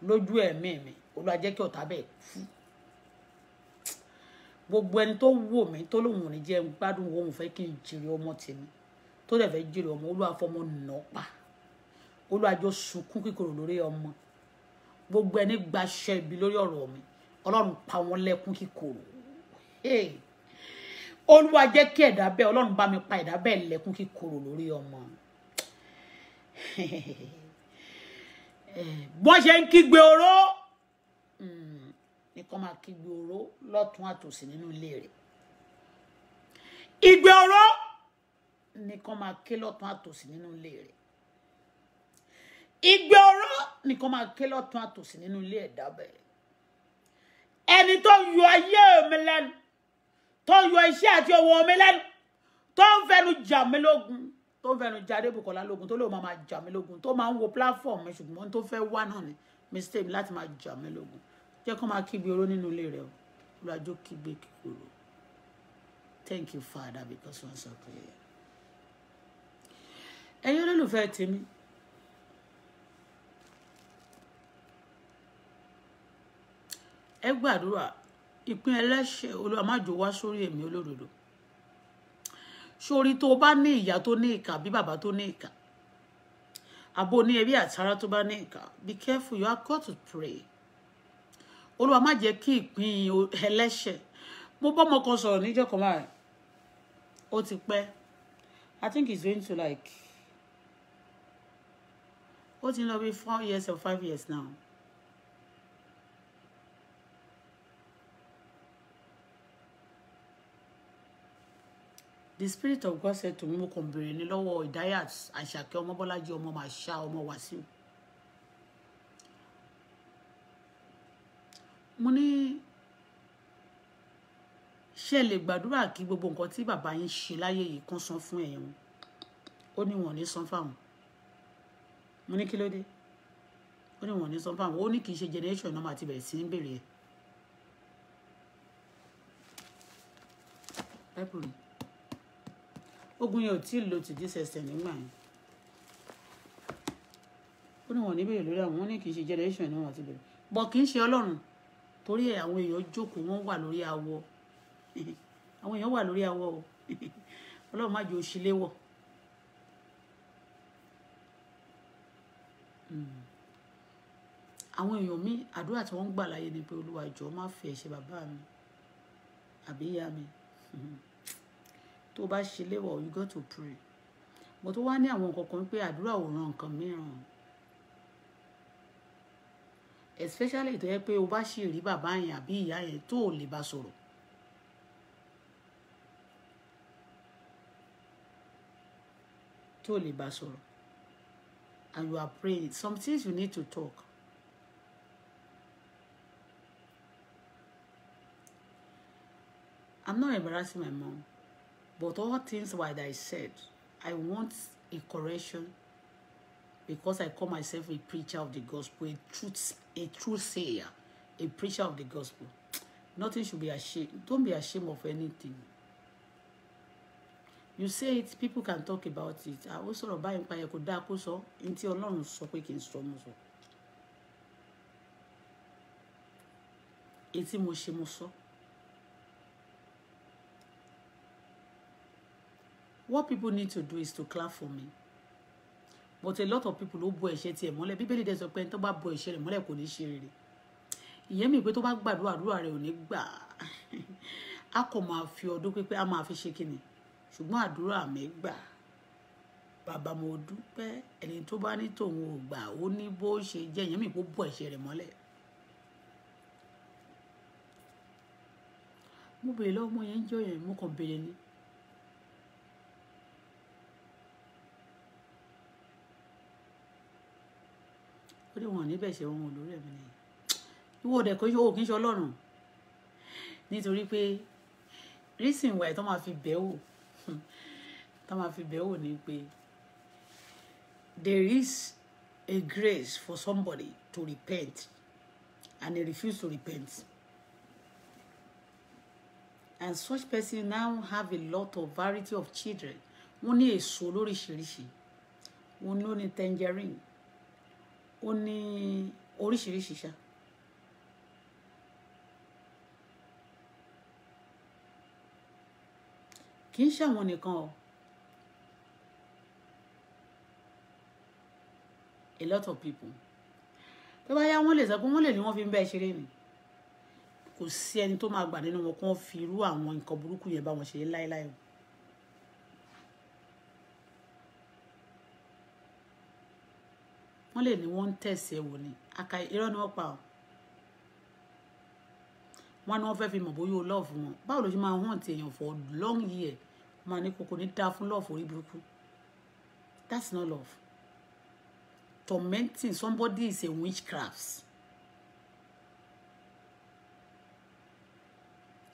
lójú ẹ̀mí mi olùwà kí ọ̀tá bẹ́ẹ̀ kú gbogbo ẹni tó wò mí tó lóun ò ní jẹ́ gbádùn òun fẹ́ kí n jèrè ọmọ tèmi tó dẹ̀ fẹ́ jèrè ọmọ olúwa fọmọ nà pa olúwa jọ sunkún kíkorò lórí ọmọ gbogbo ẹni gbaṣẹ ibi lórí ọ̀rọ̀ mi ọlọ́run pa wọ́n lẹ́kún kíkorò olúwa jẹ́ kí ẹ̀dá bẹ́ẹ̀ ọlọ́run bá mi pa ẹ̀dá bẹ́ẹ̀ lẹ́kún kíkorò lórí ọmọ eh, bọ́n ṣe ń kígbe oró. Mm nìkan máa kígbe oró lọ́tún àtòsí nínú ilé rẹ̀ ìgbé oró nìkan máa ké lọ́tún àtòsí nínú ilé rẹ̀ ìgbé oró nìkan máa ké lọ́tún àtòsí nínú ilé ẹ̀dá bẹ̀rẹ̀ ẹni tó yọ ayé mi lẹ́nu tó yọ iṣẹ́ àti owó mi lẹ́nu tó ń fẹnu jà mí lógun tó ń fẹnu jà Adébùkọ́lá lógun tó lóun máa jà mí lógun tó máa ń wo platform mi ṣùgbọ́n tó fẹ́ wá náà ni mistake láti máa jà mí lógun jẹ́ kó máa kígbe oró nínú ilé rẹ o olùdájọ́ kígbe kígbe oró thank you father because you answer prayer. ẹ̀yin olólùfẹ́ tèmi ẹ gbàdúrà ìpín ẹlẹ́ṣẹ̀ olúwa má jò wá sórí èmi olódodo sórí tó bá ní ìyá tó ní ìkà bí bàbá tó ní ìkà abo ní ẹbí àtàrà tó bá ní ìkà be careful you are called to pray olúwa má jẹ́ kí ìpín ẹlẹ́ṣẹ̀ mo bọ́mọ kan sọ̀rọ̀ níjọ́ kan báyìí ó ti pẹ́ i think it's going to like ó ti ń lọ bí four years or five years now. the spirit of God said to me mo kàn béèrè ní lọ́wọ́ ìdáyà àṣàkẹ́ ọmọbọ́lájí ọmọ màṣá ọmọ wàsíù mo ní ṣe lè gbàdúrà kí gbogbo nǹkan tí bàbá yín ṣe láyé yìí kán san fún ẹ̀yin ó ní wọn ò ní san fáwọn mo ní kí ló dé ó ní wọn ò ní san fáwọn ó ní kì í ṣe generation náà máa ti bẹ̀rẹ̀ sí ń bèrè ẹ̀. ogun yẹn ò tí ì lo to this extent nígbà yẹn ó ní wọn ò ní bèrè lórí àwọn ó ní kì í ṣe generation náà máa ti bẹ̀rẹ̀ bọ̀ kì í ṣe ọlọ́run torí ẹ̀ àwọn èèyàn jókòó wọ́n wà lórí awọ àwọn èèyàn wà lórí awọ o ọlọ́run má jẹ́ òṣìléwọ̀. Hmm. àwọn èèyàn mi àdúrà tí wọ́n ń gbà láyé ni pé olúwa jọ̀ọ́ má fi ẹ̀ṣẹ̀ bàbá mi àbí ìyá mi tó bá ṣe léwọ̀ you got to pray mo tó wá ní àwọn nǹkan kan pé àdúrà ò ran nǹkan mìíràn especially tó yẹ pé o bá sì rí bàbá yẹn àbí ìyá yẹn tó ò lè bá sọ̀rọ̀ tó lè bá sọ̀rọ̀ and you are praying some things you need to talk. I'm not embarrassing my mom but all things what I said I want a correction because I call myself a preacher of the gospel, a truth, a truth sayer, a preacher of the gospel. Nothing should be ashamed. Don't be ashamed of anything. You say it, people can talk about it. I also buy báyìí nípa ẹ̀kọ́ dáa kó sọ, ní tí Ọlọ́run sọ pé kì í sọ mo sọ. What people need to do is to clap for me but a lot of people ló bo ẹ̀ṣẹ̀ tiẹ̀ mọ́lẹ̀ bíbélì dẹ̀ sọ pé ẹni tó bá bo ẹ̀ṣẹ̀ rẹ̀ mọ́lẹ̀ kò ní ṣe rere ìyẹn mi pé tó bá gbàdúrà àdúrà rẹ̀ ò ní gbà á kò máa fi ọdún pípẹ́ á máa fi ṣe kíni ṣùgbọ́n àdúrà mi gbà bàbá mo dúpẹ́ ẹni tó bá ní tòun ò gbà ó ní bó ṣe jẹ́ ìyẹn mi pé ó bo ẹ̀ṣẹ̀ rẹ̀ mọ́lẹ̀ mo béèrè lọ́wọ́ ọmọ yẹn ń jọ yẹn mo kàn béèrè ni ó ní wọn ò ní bẹ̀ṣẹ̀ wọn olórí ẹ̀mí nìyí ìwọ òdẹ kò yóò kí n ṣe ọlọ́run nítorí pé reason why tó máa fi bẹ̀ wò tó máa fi bẹ̀ wò ni pé there is a grace for somebody to repent and they refuse to repent and such person now have a lot of variety of children wọ́n ní èso lóríṣiríṣi wọ́n ló ní tangerine ó ní oríṣiríṣi ṣá. kì í ṣàwọn nìkan o a lot of people tó bá yá wọ́n lè sọ pé wọ́n lè ní wọ́n fi ń bẹ́ẹ̀ ṣeré ni kò sí ẹni tó máa gbà nínú wọn kó wọ́n fi irú àwọn nǹkan burúkú yẹn bá wọn ṣe láéláé o wọ́n lè ní wọ́n ń tẹ̀sí ẹ̀wò ni aka irọ́ ni wọ́n pa ọ́ wọ́n ní wọ́n fẹ́ fi mọ̀ bóyá o lọ́ọ̀fù wọn báwo ló ṣe máa hàn ti èèyàn for long year máa ní kókó ní dáa fún lọ́ọ̀fù orí burúkú that's not love tormenting somebody is a witchcraft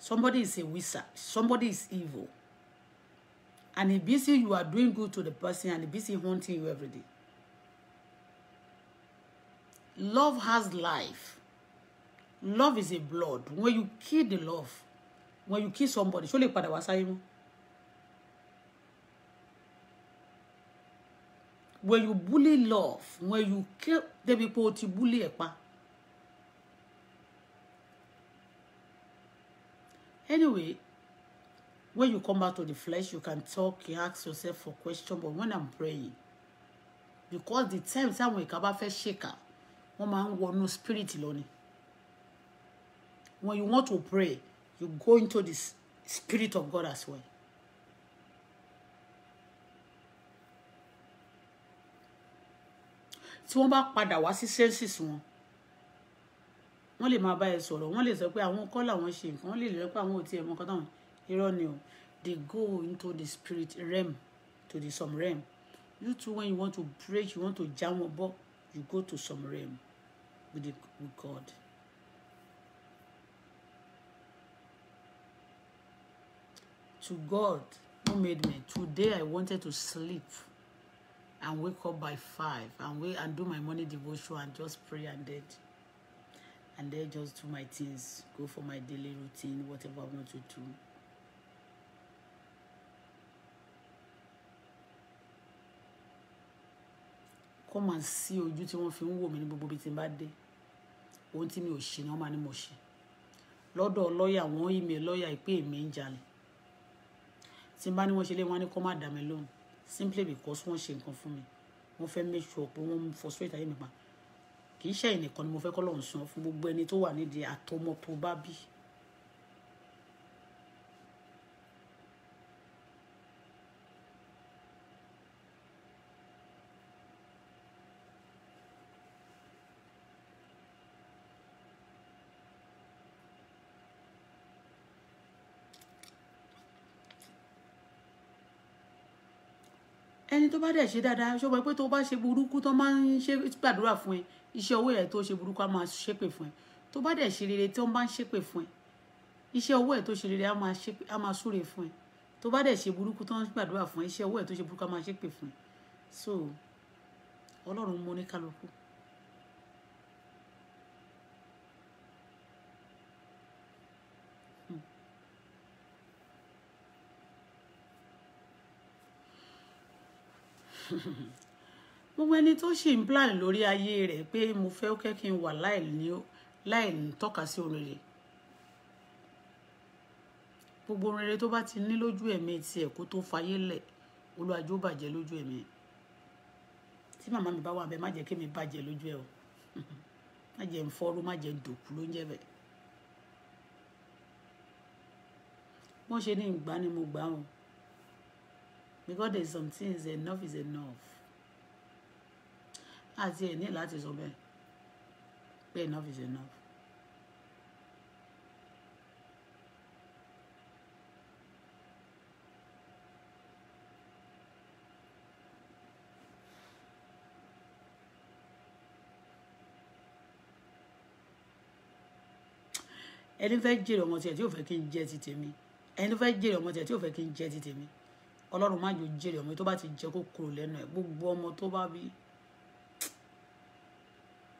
somebody is a wizard somebody is evil and e be say you are doing good to the person and e be say haunting you every day Love has life. Love is a blood. When you kill the love, when you kill somebody, show lè padà wá sáyé When you bully love, when you kill the people tí bully ẹ pa. Anyway, when you come back to the flesh, you can talk, you ask yourself for question, but when I'm praying, because the time time táwọn kaba bá shake ṣèkà wọ́n máa ń wọnú spirit lọ when you want to pray you go into the spirit of God as well. tí wọ́n bá padà wá sí senses wọn wọ́n lè máa bá ẹ sọ̀rọ̀ wọ́n lè sọ pé àwọn kọ́ làwọn ṣe nǹkan wọ́n lè lè pé àwọn ò tiẹ̀ mọ nǹkan táwọn irọ́ ni o they go into the spirit rem, to the some rem. you too when you want to pray you want to jáwọn bọ́ you go to some rem with, the, with God. To God who made me, today I wanted to sleep and wake up by five and wait and do my morning devotion and just pray and then and then just do my things, go for my daily routine, whatever I want to do. come and see ojú tí wọ́n fi ń wò mí ní gbogbo ibi tí n bá dé ohun tí mi ò ṣe ni wọ́n máa ní mo ṣe lọ́dọ̀ lọ́ọ̀yà wọ́n ìmì lọ́ọ̀yà ìpè mi ń jalè tí n bá ní wọ́n ṣe lé wọn ní kó má dà mí lóhùn simply because wọ́n ṣe nǹkan fún mi wọ́n fẹ́ make sure pé wọ́n frustrate ayé mi pa kì í ṣe ẹnìkan ni mo fẹ́ kọ́ lọ́hùn sàn fún gbogbo ẹni tó wà nídìí àtọmọ tó bá bí ẹni tó bá dẹ̀ ṣe dáadáa ṣó mọ̀ pé tó bá ṣe burúkú tó máa ń ṣe gbàdúrà fún ẹ iṣẹ́ owó ẹ̀ tó ṣe burúkú á máa ṣépè fún ẹ tó bá dẹ̀ ṣe rere tó máa ń ṣépè fún ẹ iṣẹ́ owó ẹ̀ tó ṣe rere á máa súre fún ẹ tó bá dẹ̀ ṣe burúkú tó ń gbàdúrà fún ẹ iṣẹ́ owó ẹ̀ tó ṣe burúkú á máa ṣépè fún ẹ so ọlọ́run mo ní gbogbo ẹni tó ṣì ń plan lórí ayé rẹ̀ pé mo fẹ́ kẹ́ kí n wà láì ní tọ́ka sí oríire gbogbo oríire tó bá ti ní lójú ẹ̀mí tiẹ̀ kó tó fayé lẹ̀ olùwàjò bàjẹ́ lójú ẹ̀mí tí màmá mi bá wà bẹ́ẹ̀ má jẹ́ kí mi bàjẹ́ lójú ẹ̀ o má jẹ́ ń fọ́rú má jẹ́ ń dòkú ló ń jẹ́ bẹ́ẹ̀ wọ́n ṣe ní ìgbà ni mo gbà wọn because there's some things enough is enough As you e ní that is over. pé enough is enough. ẹni fẹ́ jèrè ọmọ tiẹ̀ tí ò fẹ́ kí n jẹ́ ti tèmi ẹni fẹ́ jèrè ọmọ tiẹ̀ tí ò fẹ́ kí n jẹ́ ti tèmi ọlọ́run má jò jèrè ọmọ tó bá ti jẹ kó kúrò lẹ́nu ẹ̀ gbogbo ọmọ tó bá bí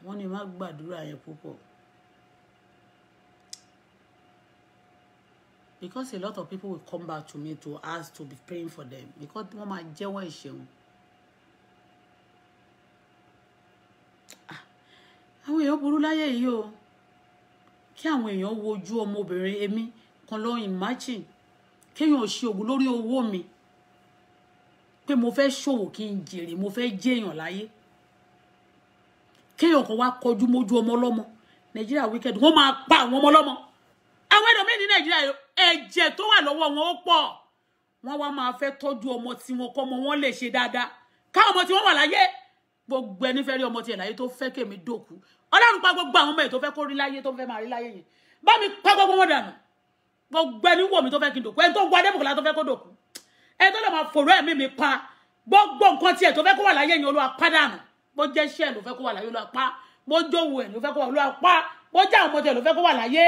wọ́n ní má gbàdúrà yẹn púpọ̀ because a lot of people will come back to me to ask to be praying for them because wọ́n máa jẹ́wọ́ ìṣẹ̀wọ̀n. Ah, àwọn èèyàn burú láyé yìí o kí àwọn èèyàn wojú ọmọbìnrin èmi kan lọ imagine kéèyàn ò ṣe òògùn lórí owó mi pé mo fẹ́ ṣòwò kí n jèrè mo fẹ́ jẹ́yàn láyé kéèyàn kan wá kọjú mójú ọmọ ọlọ́mọ nàìjíríà wicked wọ́n máa pa àwọn ọmọ ọlọ́mọ àwọn ẹ̀dọ̀ mẹ́rin ní nàìjíríà ẹ̀jẹ̀ tó wà lọ́wọ́ wọn ó pọ̀ wọ́n wá máa fẹ́ tọ́jú ọmọ tí wọn kọ́ ọmọ wọn lè ṣe dáadáa káwọn ọmọ tí wọ́n wà láyé gbogbo ẹni fẹ́ rí ọmọ tiẹ̀ láyé tó fẹ́ kèmí dòkú ọlọ́run pa gbogbo àwọn ọmọ ẹ̀ tó fẹ́ kó rí láyé tó fẹ́ máa rí láyé yẹn bá mi pa gbogbo wọn dànù gbogbo ẹni wọ̀ mi tó fẹ́ kí n dòkú ẹni tó ń wọ adébùkọ̀lá tó fẹ́ ẹ tó lè máa fòrò ẹ̀mí mi pa gbogbo nǹkan tiẹ̀ tó fẹ́ kó wà láyé yẹn olúwa pádànù bó jẹ́ iṣẹ́ ẹ̀ ló fẹ́ kó wà láyé olúwa pa bó jówó ẹ̀ ló fẹ́ kó wà olúwa pa bó jẹ́ àwọn ọmọdé ló fẹ́ kó wà láyé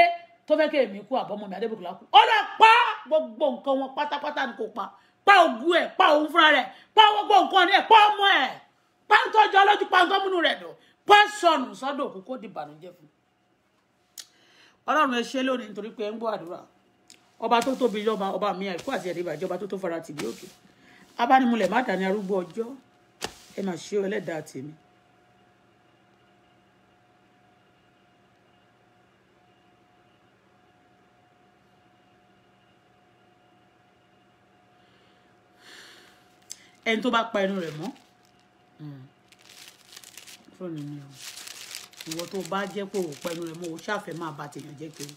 tó fẹ́ kí èmi kú àbọ̀mọ mi adébùkúlá kú olúwa pa gbogbo nǹkan wọn pátápátá ni kò pa pa ògùn ẹ̀ pa òun fúnra rẹ̀ pa gbogbo nǹkan rẹ̀ pa ọmọ ẹ̀ pa ń tọ́jú ọlọ́jú pa ń tọ́múnú rẹ̀ dùn pa sọnù sọ́dọ̀ òkú kó di bànújẹ́ fún ọlọ́run ẹ ṣe lónìí nítorí pé ẹ ń gbọ́ àdúrà ọba tó tóbi lọ́ba ọba mi àìkú àti ẹ̀dẹ́bàjẹ́ ọba tó tó fara tìbí òkè abánimúlẹ̀ má dání arúgbó ọjọ́ ẹ mà ṣe ẹlẹ́dàá tèmi. ẹni tó bá pa ẹnu rẹ̀ mọ́ hmm. fúnni mi o ìwọ tó bá jẹ́ pé òun pa ẹnu rẹ̀ mọ́ o ṣáà máa bà tèèyàn jẹ́ kiri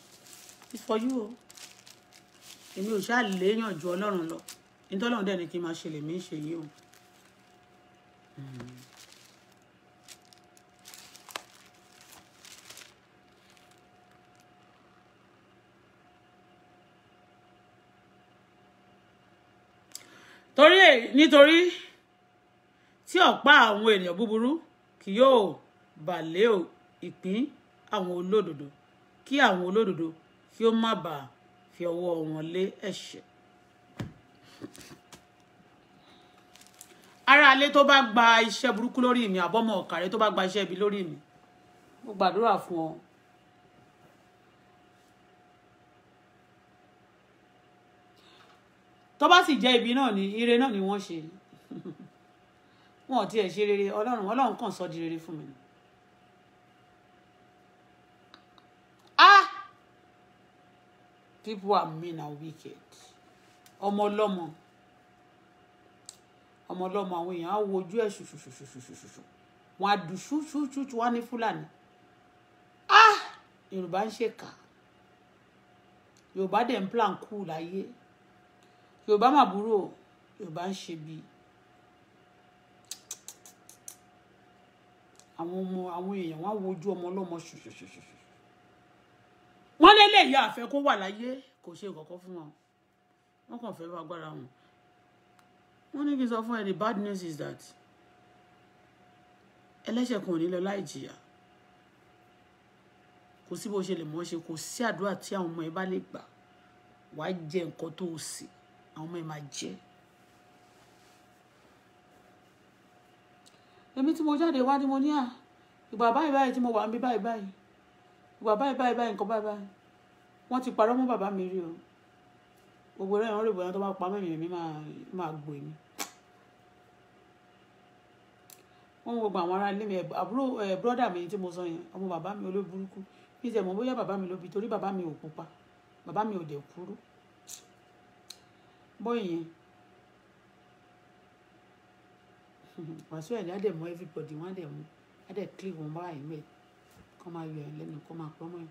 it's for you o èmi ò ṣáà léèyàn ju ọlọ́run lọ nítorí ọlọ́run dẹ̀ ni kí n máa ṣe lèmi ń ṣe yìí o. torí nítorí tí ọ̀pá àwọn ènìyàn búburú kì yóò bà lé ìpín àwọn olódodo kí àwọn olódodo kí ó má bàa fi ọwọ́ wọn lé ẹ̀ṣẹ̀. ara alé tó bá gba iṣẹ́ burúkú lórí mi àbọ́mọ̀ ọ̀kàrẹ́ tó bá gba iṣẹ́ ibi lórí mi mo gbàdúrà fún ọ. tó bá sì jẹ́ ibi náà ni ire náà ni wọ́n ṣe wọn ò tiẹ̀ ṣe rere ọlọ́run ọlọ́run kàn sọ di rere fún mi ni. people who are mean and wicked ọmọ ọlọ́mọ ọmọ ọlọ́mọ àwọn èèyàn á wojú ẹ̀ ṣùṣùṣùṣùṣùṣù wọn á dùn ṣùṣùṣùṣù wọn á ní fúlàní ah yorùbá ń ṣèkà yorùbá dẹ̀ ń plan kú láyé yorùbá mà búrò yorùbá ń ṣe bíi àwọn ọmọ àwọn èèyàn wọn á wojú ọmọ ọlọ́mọ ṣùṣùṣùṣù wọ́n lélẹ̀ ìyá àfẹ́ kó wà láyé kò ṣe kọ̀kọ́ fún wọn wọ́n kàn fẹ́ agbára wọn wọ́n ní kí n sọ fún ẹ the bad news is that ẹlẹ́ṣẹ̀ kan ò ní lọ láì jìyà kò sí bó ṣe lè mọ́ ṣe kò sí àdúrà tí àwọn ọmọ ẹ bá lè gbà wàá jẹ nǹkan tó o sì àwọn ọmọ ẹ máa jẹ. èmi tí mo jáde wá ni mo ní à ìgbà báyìí báyìí tí mo wà ń bí báyìí báyìí ìwà báyìí báyìí báyìí nǹkan báyìí báyìí wọ́n ti parọ́ mọ́ bàbá mi rí o gbogbo ẹ̀rọ ìrànlọ́wọ́ ìbòyàn tó bá pa mẹ́rin mi máa gbò mí. wọ́n mú gbogbo àwọn ará ilé mi àbúrò ẹ̀ bírọ́dà mi tí mo sọ yẹn ọmọ bàbá mi olóburúkú bí ìṣẹ̀ bóyá bàbá mi ló bí torí bàbá mi ò pupa bàbá mi ò dẹ̀ kúrú bóyìí wàásù ẹ̀ ní àdẹ̀mọ́ everybody wọ́n á dẹ̀ mú á dẹ̀ clean wọn báyìí mẹ́ẹ̀ kọ́ máa yọ ẹ̀yìn lẹ́nu kọ́ máa pọ́ mọ́ ẹ̀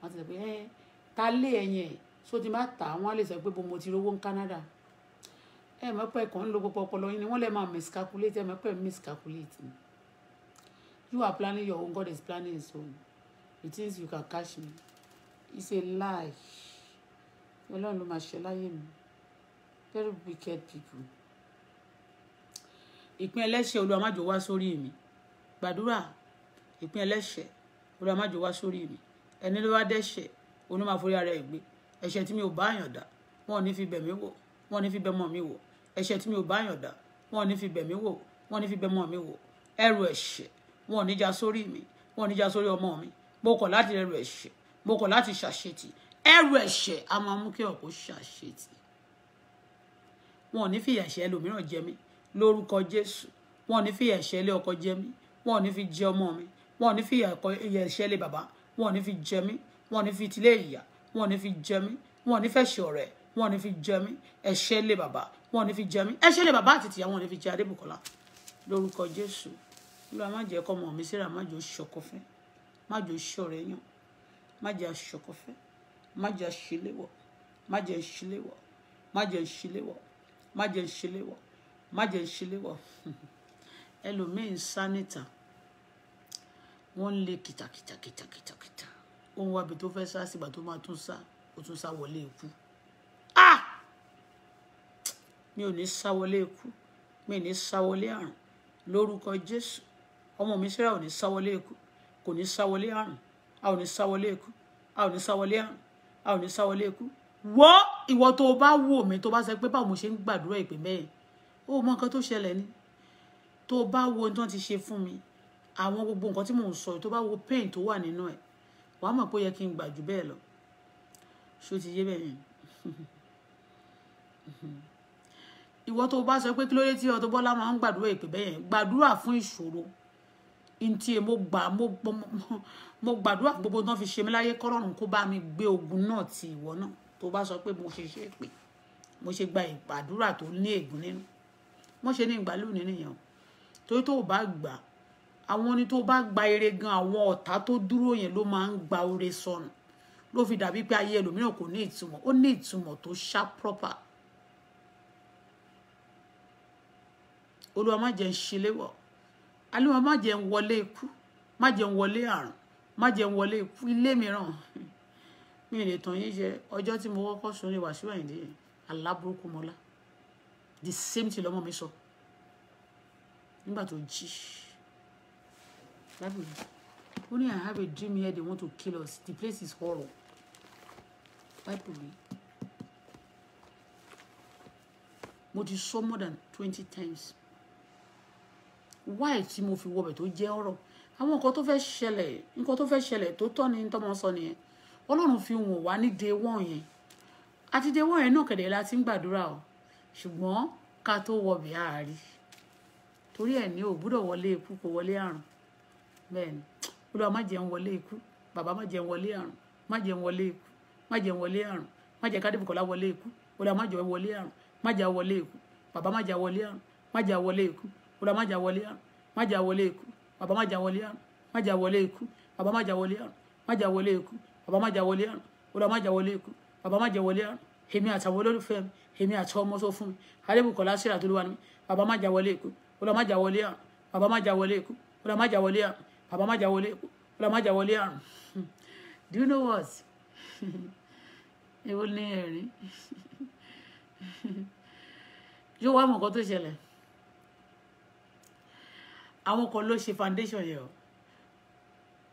wọ́n ti sọ pé ẹ́ ta lé ẹ̀yìn ẹ̀ so ti má tà wọ́n á lè sọ pé bo mo ti rówó ní Canada ẹ mọ̀ pé kàn ń lo gbogbo ọpọlọ yín ni wọ́n lè máa miscalculate ẹ mọ̀ pé miscalculate ni you are planning your own God is planning his own you think you can catch me it's a lie ọlọ́run ló máa ṣe láyé mi very wicked people ìpín ẹlẹ́ṣẹ̀ olúwa má jò wá sórí mi gbàdúrà ìpín ẹlẹ́ṣẹ̀ olúwa má jò wá sórí mi ẹni ló bá dẹ́ṣẹ̀ oní máa forí ara ẹ̀ gbé ẹ̀ṣẹ̀ tí mi ò bá àyàn dá wọn ò ní fi bẹ̀ mí wò wọn ò ní fi bẹ̀ mọ́ mi wò ẹ̀ṣẹ̀ tí mi ò bá àyàn dá wọn ò ní fi bẹ̀ mí wò wọn ò ní fi bẹ̀ mọ́ mi wò ẹrù ẹ̀ṣẹ̀ wọn ò ní já sórí mi wọn ò ní já sórí ọmọ mi mo kọ̀ láti ẹrù ẹ̀ṣẹ̀ mo kọ̀ láti ṣàṣetì ẹrù ẹ̀ṣẹ̀ a máa mú kí ọ̀pọ̀ ṣàṣetì wọn ò ní fi ẹ̀ṣẹ̀ ẹlòmíràn jẹ mí lórúkọ Jésù wọn ò ní fi ẹ̀ṣẹ̀ ilé ọkọ jẹ mí wọn ò ní fi jẹ ọmọ mi wọn ò ní fi ìyà ẹ̀ṣẹ̀ lé bàbá wọn ò ní fi jẹ mí wọn ò ní fi tilé ìyà wọn ò ní fi jẹ mí wọn ò ní fẹ́ ṣe ọ̀rẹ́ wọn ò ní fi jẹ mí ẹ̀ṣẹ̀ lé bàbá wọn ò ní fi jẹ mí ẹ̀ṣẹ̀ lé bàbá àti tìyà wọn ò ní fi jẹ Adébùkọ́lá lórúkọ Jésù ló má jẹ́ kọ́ mọ̀ mí síra má jẹ́ ṣọkọfẹ́ má jẹ́ ṣọ̀rẹ́ yàn má jẹ́ ṣọkọfẹ́ má jẹ́ ṣíléwọ̀ má jẹ́ ṣíléwọ̀ má jẹ́ ṣíléwọ̀ ẹlòmíín sá wọ́n ń lé kìtàkìtàkìtàkìtà ó ń wábi tó fẹ́ sá sígbà tó máa tún sá ó tún sá wọlé ikú ah mi ò ní sá wọlé ikú mi ò ní sá wọlé àrùn lórúkọ Jésù ọmọ mi Síra ò ní sá wọlé ikú kò ní sá wọlé àrùn a ò ní sá wọlé ikú a ò ní sá wọlé àrùn a ò ní sá wọlé ikú wọ́ ìwọ tó o bá wò mí tó o bá sọ pé báwo mo ṣe ń gbàdúrà ìpè mẹ́rin ó mọ nǹkan tó ṣẹlẹ̀ ni tó o bá wo ohun tó ti ṣe fún mi àwọn gbogbo nǹkan tí mò ń sọ tó bá wo pain tó wà nínú ẹ̀ wàá mọ̀ pé ó yẹ kí n gbà jù bẹ́ẹ̀ lọ ṣó ti yé bẹ́ẹ̀ yẹn ìwọ tó bá sọ pé kí ló dé tí Auto Bola máa ń gbàdúrà ìpè bẹ́ẹ̀ yẹn gbàdúrà fún ìṣòro ntí mo gbà mo gbàdúrà gbogbo tán fi ṣe mí láyé kọ́lọ́run kó bá mi gbé ogun náà ti ìwọ náà tó bá sọ pé mo ṣe ṣe pé mo ṣe gba ìgbàdúrà tó ní ègún nínú mo ṣe ní ìgbàlù nínú yẹn torí tó o bá gbà á àwọn ni tó bá gba ire gan àwọn ọ̀tá tó dúró yẹn ló máa ń gba ore sọnù ló fi dàbí pé ayé ẹlòmíràn kò ní ìtumọ̀ ó ní ìtumọ̀ tó ṣá proper olúwa má jẹ́ ń ṣeléwọ̀ alúwa má jẹ́ ń wọlé ikú má jẹ́ ń wọlé àrùn má jẹ́ ń wọlé ikú ilé mìíràn mi ò lè tàn yín jẹ ọjọ́ tí mo kọ́kọ́ sọ ní Wàsíù Àyìndé aláburúkú mọ́lá the same thing lọ́mọ mi sọ nígbà tó jí. Bible. Only I have a dream here, they want to kill us. The place is horrible. Bible. But you saw more than twenty times. Why tí mo fi wọbẹ̀ tó jẹ́ ọ̀rọ̀? Àwọn nǹkan tó fẹ́ ṣẹlẹ̀ nǹkan tó fẹ́ ṣẹlẹ̀ tó tọ́ ni tọ́mọ sọ nìyẹn. Ọlọ́run fi wọ̀n wá ní day one At the day one I know that la ti ń gbàdúrà o. Ṣùgbọ́n ká tó wọbẹ̀ àárí. Torí ẹ̀ ní ò gbúdọ̀ wọlé ikú kó wọlé àrùn bẹ́ẹ̀ ni olúwa má jẹun wọlé ikú bàbá má jẹun wọlé àrùn má jẹun wọlé ikú má jẹun wọlé àrùn má jẹ kádé bùkọ́lá wọlé ikú olúwa má jẹ wọlé àrùn má jẹ wọlé ikú bàbá má jẹ wọlé àrùn má jẹ wọlé ikú olúwa má jẹ wọlé àrùn má jẹ wọlé ikú bàbá má jẹ wọlé àrùn má jẹ wọlé ikú bàbá má jẹ wọlé àrùn má jẹ wọlé ikú bàbá má jẹ wọlé àrùn olúwa má jẹ wọlé ikú bàbá má jẹ wọlé àrùn èmi àtàwọn olólùfẹ́ mi èmi àti ọmọ tó fún mi adébùkọ́lá síra tó lówà ní bàbá má jà wọlé ikú olùwà má jà wọlé àrùn bàbá má jà wọlé ikú olùwà má jà wọlé àrùn bàbá má jáwọlé ọlọ́mọ má jáwọlé àrùn do you know what èwo ni ẹ̀rín yóò wá mọ̀ nǹkan tó ṣẹlẹ̀ àwọn kan ló ṣe foundation yẹn o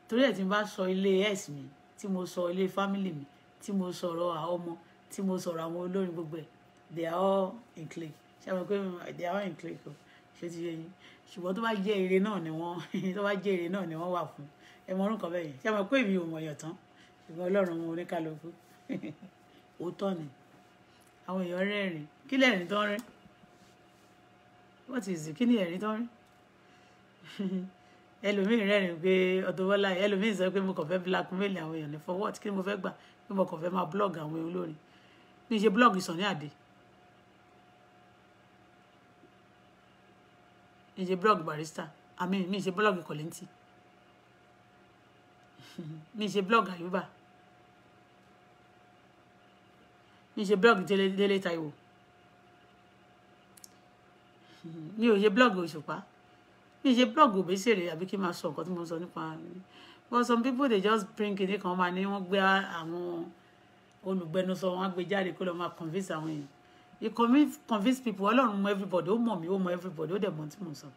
torí ẹ̀ tí n bá sọ ilé mi tí mo sọ ilé family mi tí mo sọ̀rọ̀ àwọn ọmọ tí mo sọ̀rọ̀ àwọn olórin gbogbo ẹ̀ they are all in click ṣé àwọn pé they are all in click o ti yé ṣùgbọ́n tó bá jẹ́ ire náà ni wọ́n tó bá jẹ́ ire náà ni wọ́n wà fún ẹ mọ orúkọ bẹ́ẹ̀ yẹn ṣé mo pé èmi ò mọ̀ yọ̀tán ṣùgbọ́n ọlọ́run mo oníkàlùkù òótọ́ ni àwọn èèyàn rẹ́rìn kí lẹ́rìn tán rẹ́ what is it kí ni ẹ̀rín tán rẹ́ ẹlòmíì rẹ́rìn pé Auto Bola ẹlòmíì sọ pé mo kàn fẹ́ blackmail àwọn èèyàn ní for what kí ni mo fẹ́ gbà pé mo kàn fẹ́ máa blog àwọn olórin mi ṣe blog Sunny Adé Is a blog barista I àmì is a blog kọ̀lẹ́ntì Is a blog àyùbá Is a blog délé taiwo mi is a blog òṣùpá Is a blog òbésèrè àbí kí n máa sọ nǹkan tí mo but some people they just bring kìnìún kan máa ní wọ́n gbé àwọn olùgbẹnusọ wọn gbé jáde kó lọ máa convince àwọn èèyàn You convince convince people ọlọ́run mọ everybody ó mọ̀ mí ó mọ everybody ó dẹ̀ mọ tí mò ń sọ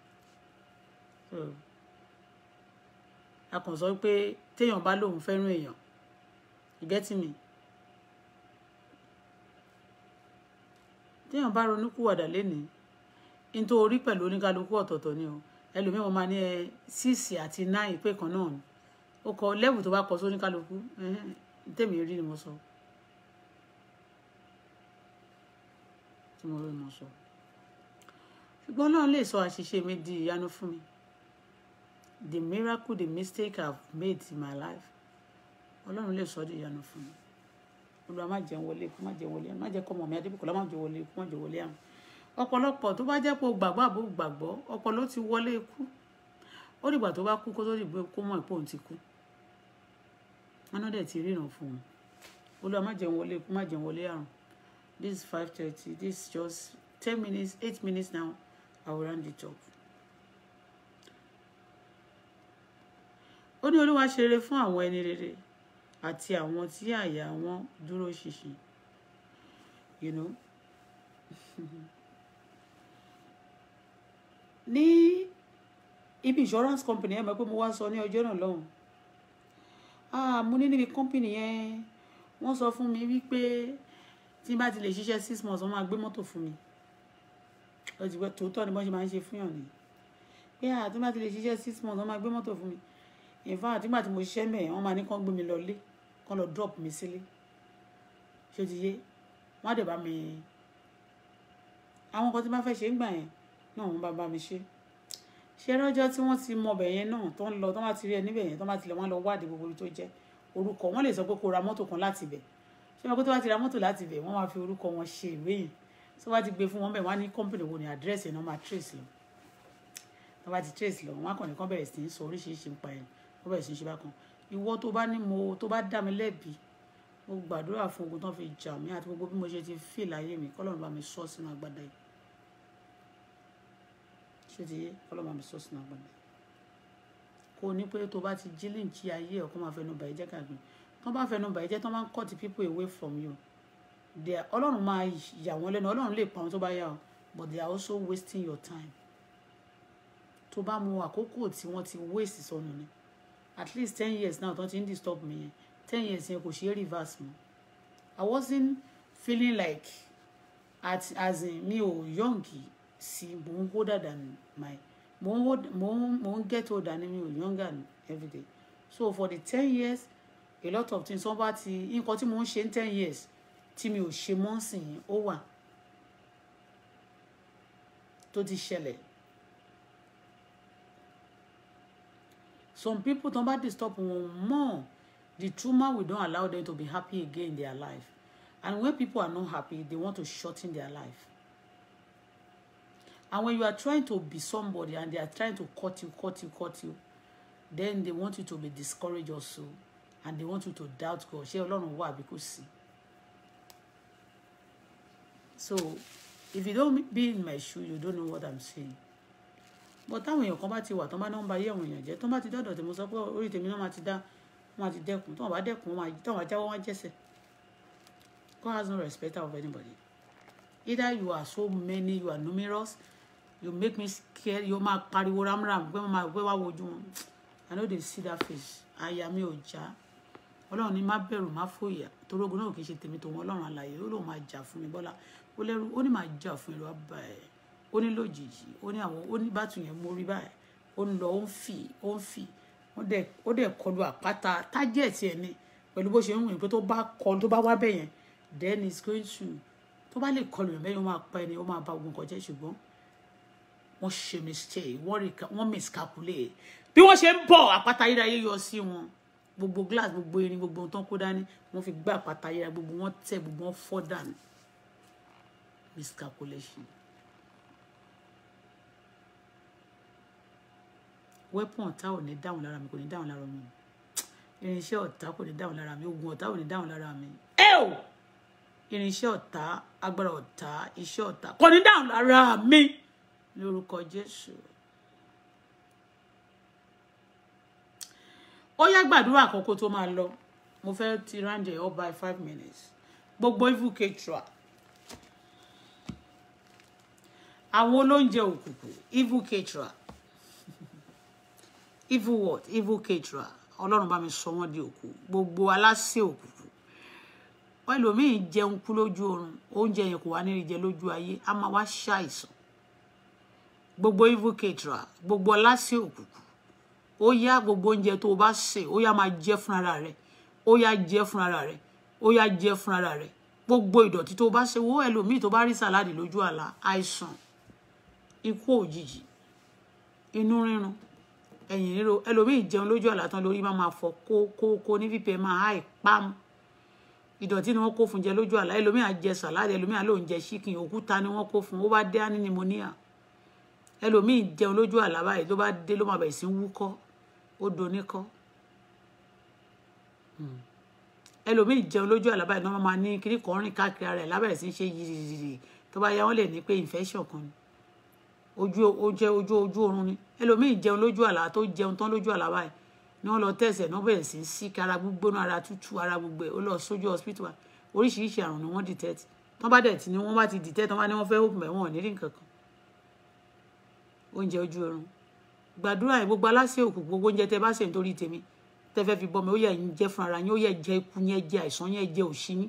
a kàn sọ pé téèyàn bá lóun fẹ́ràn èèyàn you get me téèyàn bá ronú into lénìí nítorí pẹ̀lú oníkálukú ọ̀tọ̀ọ̀tọ̀ ni to ẹlòmíràn wọn máa ní ẹ síìsì àti náì pé kan náà ni ó kọ lẹ́wù tó bá kọ sóníkálukú tèmi rí ni mo sọ. So tí mo rí mo sọ ṣùgbọ́n Ọlọ́run lè sọ àṣìṣe mi di ìyanu fún mi the miracle the mistake I've made in my life Ọlọ́run lè sọ di ìyanu fún mi Olúwa má jẹ́ wọlé kó má jẹ́ wọlé àná má jẹ́ kọ́ ọmọ mi Adébùkọ́lá má jẹ́ wọlé kó má jẹ́ wọlé àná ọ̀pọ̀lọpọ̀ tó bá jẹ́ pé o gbàgbọ́ àbò gbàgbọ́ ọpọlọ ti wọlé ikú ó dìgbà tó bá kú kó tó dìgbà kó mọ̀ pé òun ti kú wọn dẹ̀ ti ríran fún un Olúwa má jẹ́ wọlé ikú má jẹ́ wọlé àrùn this is 5.30 this is just 10 minutes 8 minutes now i will round it up ó ní olúwa ṣe rere fún àwọn ẹni rere àti àwọn tí àyà wọn dúró ṣinṣin you know Ni, ibi insurance company ẹ mọ̀ pé mo wá sọ ní ọjọ́ náà lọ́hùn ah mo ní níbi company yẹn wọ́n sọ fún mi wípé tí n bá ti lè ṣiṣẹ́ six months wọ́n máa gbé mọ́tò fún mi lọ́jọ́ tòótọ́ ni wọ́n ṣe máa ń ṣe fún yàn ni pé à ah, tí n bá ti lè ṣiṣẹ́ six months wọ́n máa gbé mọ́tò fún mi in fact nígbà tí mo ṣiṣẹ́ mẹ́ẹ̀ wọ́n máa ní kán gbé mi lọlé kán lọ drop mi sílé ṣé ti yé wọ́n á dẹ̀ bá mi àwọn nǹkan tí wọ́n fẹ́ ṣe ń gbà yẹn náà wọ́n bá bá mi ṣe ṣe rọ́jọ́ tí wọ́n ti mọ ọbẹ̀ yẹn náà tó ń lọ tó bá ti rí ẹ níbẹ̀ yẹn tó bá ti lọ wọ́n lọ wádìí gbogbo ibi tó jẹ́ orúkọ wọ́n lè sọ pé kó ra mọ́tò kan láti ibẹ̀ ṣé wọn kó tó bá ti ra mọ́tò láti ibẹ̀ wọ́n máa fi orúkọ wọn ṣe ìwé yìí tó bá ti gbé fún wọn bẹ̀ wọ́n á ní company wo ni àdírẹ́sì ẹ̀ náà máa trace lọ tó bá ti trace lọ wọ́n á kàn ní kán bẹ̀rẹ̀ sí í sọ oríṣiríṣi ń pa ẹ̀yìn wọ́n bẹ̀rẹ̀ sí í ṣe bákan ìwọ tó bá ní mo tó bá dá mi lẹ́bi mo gbàdúrà fún ogun tán fi jà mí àti gbogbo bí mo ṣe ti fì láyé mi kọ́lọ́run kò ní pé tó bá ti jí lè jí ayé ẹ̀ máa fẹnu bàyẹ́ jẹ́ kàgbìn tán bá fẹnu bàjẹ́ tán bá ń cut people away from you there ọlọ́run máa yà wọ́n lẹ́nu ọlọ́run lè pa wọn tó bá yà ọ́ but they are also wasting your time tó bá mu àkókò tí wọ́n ti waste sọnù ni at least ten years now tán ti ń disturb mi yẹn ten years yẹn kò ṣeé reverse mọ́ I wasn't feeling like at as in mi ò young sí mò ń kó dàda my mò ń mò ń get older than me ò younger everyday so for the ten years a lot of things wọ́n bá ti nǹkan tí mo ń ṣe ní ten years tí mi ò ṣe mọ́ sìn ó wà tó ti ṣẹlẹ̀ some people tó ń bá disturb wọn more the trauma we don allow them to be happy again in their life and when people are not happy they want to shorten their life and when you are trying to be somebody and they are trying to cut you cut you cut you then they want you to be discouraged also and they want you to doubt God ṣé ọlọ́run wà àbí kò sí. so if you don't be in my shoe you don't know what i'm saying but táwọn èèyàn kan bá ti wà tán bá náà ń ba ayé àwọn èèyàn jẹ́ tán bá ti dọ̀dọ̀ tí mo sọ pé orí tèmi náà máa ti dá wọn máa ti dẹ́kun God has no respect of anybody either you are so many you are numerous you make me scared you máa pariwo ramram pé wọ́n máa gbé wá wojú wọn i no dey see that face àyà mi ò já. Ja ọlọ́run ní má bẹ̀rù má fòyà torí ogun náà kì í ṣe tèmi tòun ọlọ́run àlàyé ó lóun máa jà fún mi bọ́lá ó lẹ́rù ó ní máa jà fún ìlú àbá ẹ̀ ó ní lójijì ó ní àwọn ó ní bàtù yẹn mórí báyìí ó ń lọ ó ń fì ó ń fì ó dẹ̀ kọlu àpáta tájẹ̀tì ẹ̀ ni pẹ̀lú bó ṣe ń wìn pé tó bá kọlu tó bá wá bẹ̀ yẹn then it's going to tó bá lè kọlu yẹn bẹ́yẹn ó máa pa ẹni ó máa ba ogun kọjá ṣùgbọ́n wọ́n ṣe mistake wọ́n miscalculate bí wọ́n ṣe ń bọ̀ àpáta yíra yé sí wọn gbogbo glass gbogbo irin gbogbo ohun tó ń kó dání wọ́n fi gbá àpáta yẹra gbogbo wọn tẹ̀ gbogbo wọn fọ́ dànù miscalculation. weapon ọ̀tá ò ní dáhùn lára mi kò ní dáhùn lára mi irinṣẹ́ ọ̀tá kò ní dáhùn lára mi ogun ọ̀tá ò ní dáhùn lára mi ẹ irinṣẹ́ ọ̀tá agbára ọ̀tá iṣẹ́ ọ̀tá kò ní dáhùn lára mi lórúkọ Jésù. ó yá gbàdúrà àkókò tó máa lọ mo fẹ́ ti ránjẹ all by five minutes gbogbo evil ketra àwọn olóúnjẹ òkùnkùn evil ketra evil what evil ketra ọlọ́run bá mi sọ wọ́n di òkú gbogbo aláṣẹ òkùnkùn ẹlòmíì jẹun kú lójú oorun oúnjẹ yẹn kò wá ní ìjẹ lójú ayé a máa wá ṣàìsàn gbogbo evil ketra gbogbo aláṣẹ òkùnkùn ó yá gbogbo oúnjẹ tó o bá sè ó yá máa jẹ fúnra rẹ ó yá jẹ fúnra rẹ ó yá jẹ fúnra rẹ gbogbo ìdọ̀tí tó o bá ṣe wo ẹlòmíì tó bá rí sàláàdì lójú àlá àìsàn ikú òjijì inú rírun ẹ̀yìn ríro ẹlòmíì jẹun lójú àlá tán lórí má máa fọ kókókó ní fífẹ́ máa háì pam ìdọ̀tí ni wọ́n kó fún jẹ lójú àlá ẹlòmíì á jẹ ẹlòmíì á lóun jẹ ṣíkìn òkúta ni wọ́n kó fún ó bá dé á ní nimonia ẹlòmíì jẹun lójú àlá báyìí ló bá dé ló máa bẹ̀rẹ̀ sí wúkọ́ ó doníkọ́ hmm. ẹlòmíì jẹun lójú àlábà iná máa ní kiri kan rìn káàkiri ara ẹ̀ lábẹ̀rẹ̀ sí ṣe yìrìyìrì tó bá yá wọn lè ní pé infection kan ni ojú ojú ojú ojú oorun ni ẹlòmíì jẹun lójú àlá tó jẹun tán lójú àlá báyìí ni wọ́n lọ tẹsẹ̀ náà bẹ̀rẹ̀ sí sí kára gbígbóná ara tútù ara gbogbo ẹ̀ ó lọ sójú hospital wa oríṣiríṣi àrùn ni wọ́n detect tán bá dẹ̀ tí ni wọ́n bá ti detect tán bá ní wọ́n fẹ́ open ẹ̀ wọ́n ò ní rí nǹkan kan oúnjẹ ojú oorun gbàdúrà yẹn gbogbo aláṣẹ òkú gbogbo oúnjẹ tẹ bá ṣe nítorí tèmi tẹ fẹ́ fi bọ́ mi ó yẹ ẹ̀yin jẹ́ fúnra ara yín ó yẹ jẹ́ ikú yẹn jẹ́ àìsàn yẹn jẹ́ òṣì yín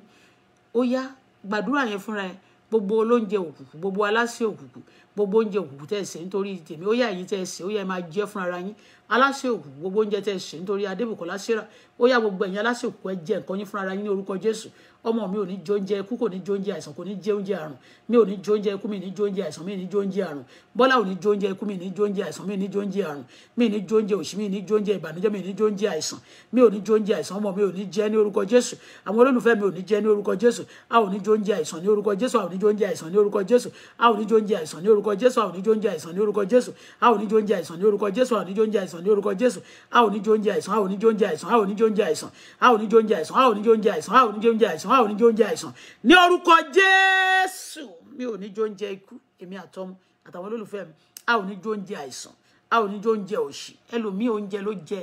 ó yá gbàdúrà yẹn fúnra yẹn gbogbo olóúnjẹ òkùnkùn gbogbo aláṣẹ òkùnkùn gbogbo oúnjẹ òkùnkùn tẹ ṣe nítorí tèmi ó yá ẹ̀yin tẹ ṣe ó yá máa jẹ fúnra ara yín aláṣẹ òkùnkùn gbogbo oúnjẹ tẹ ṣe nítorí adébùkọlá ṣẹra ó yá gbogbo ẹ̀yin aláṣẹ òkùnkùn ẹ jẹ nǹkan yín fúnra ara yín ní orúkọ jésù ọmọ mi ò ní jẹ oúnjẹ ikú kò ní jẹ oúnjẹ àìsàn kò ní jẹ àrùn mi ò ní jẹ oúnjẹ ikú mi ní jẹ àìsàn mi ní jẹ oúnjẹ àrùn bọ́lá ò ní jẹ oúnjẹ ikú mi ní jẹ àìsàn mi ní jẹ oúnjẹ àrùn mi ní jẹ oúnjẹ mi ní jẹ oúnjẹ mi ní jẹ oúnjẹ àìsàn mi ò ní jẹ oúnjẹ àìsàn ọmọ mi ò ní jẹ ní orúkọ jésù àwọn olólùfẹ́ mi ò ní jẹ ní orúkọ jésù a ò ní jẹ oúnjẹ àìsàn ní orúkọ jésù a ò ní jẹ oúnjẹ àìsàn ní orúkọ jésù a ò ní jẹ oúnjẹ àìsàn ní orúkọ jésù a ò ní jẹ oúnjẹ àìsàn ní orúkọ jésù a ò ní jẹ oúnjẹ àìsàn ní orúkọ jésù a ò ní jẹ oúnjẹ àìsàn ní orúkọ jésù a ò ní jẹ oúnjẹ àìsàn a ò ní jẹ àìsàn a ò ní jẹ àìsàn a ò ní jẹ àìsàn a ò ní jẹ àìsàn a ò ní jẹ àìsàn àìsàn a ò ní jẹ oúnjẹ àìsàn ní orúkọ Jésù mi ò ní jẹ oúnjẹ ikú èmi àtọmọ àtàwọn olólùfẹ́ mi a ò ní jẹ oúnjẹ àìsàn a ò ní jẹ oúnjẹ òṣì ẹlòmíì oúnjẹ ló jẹ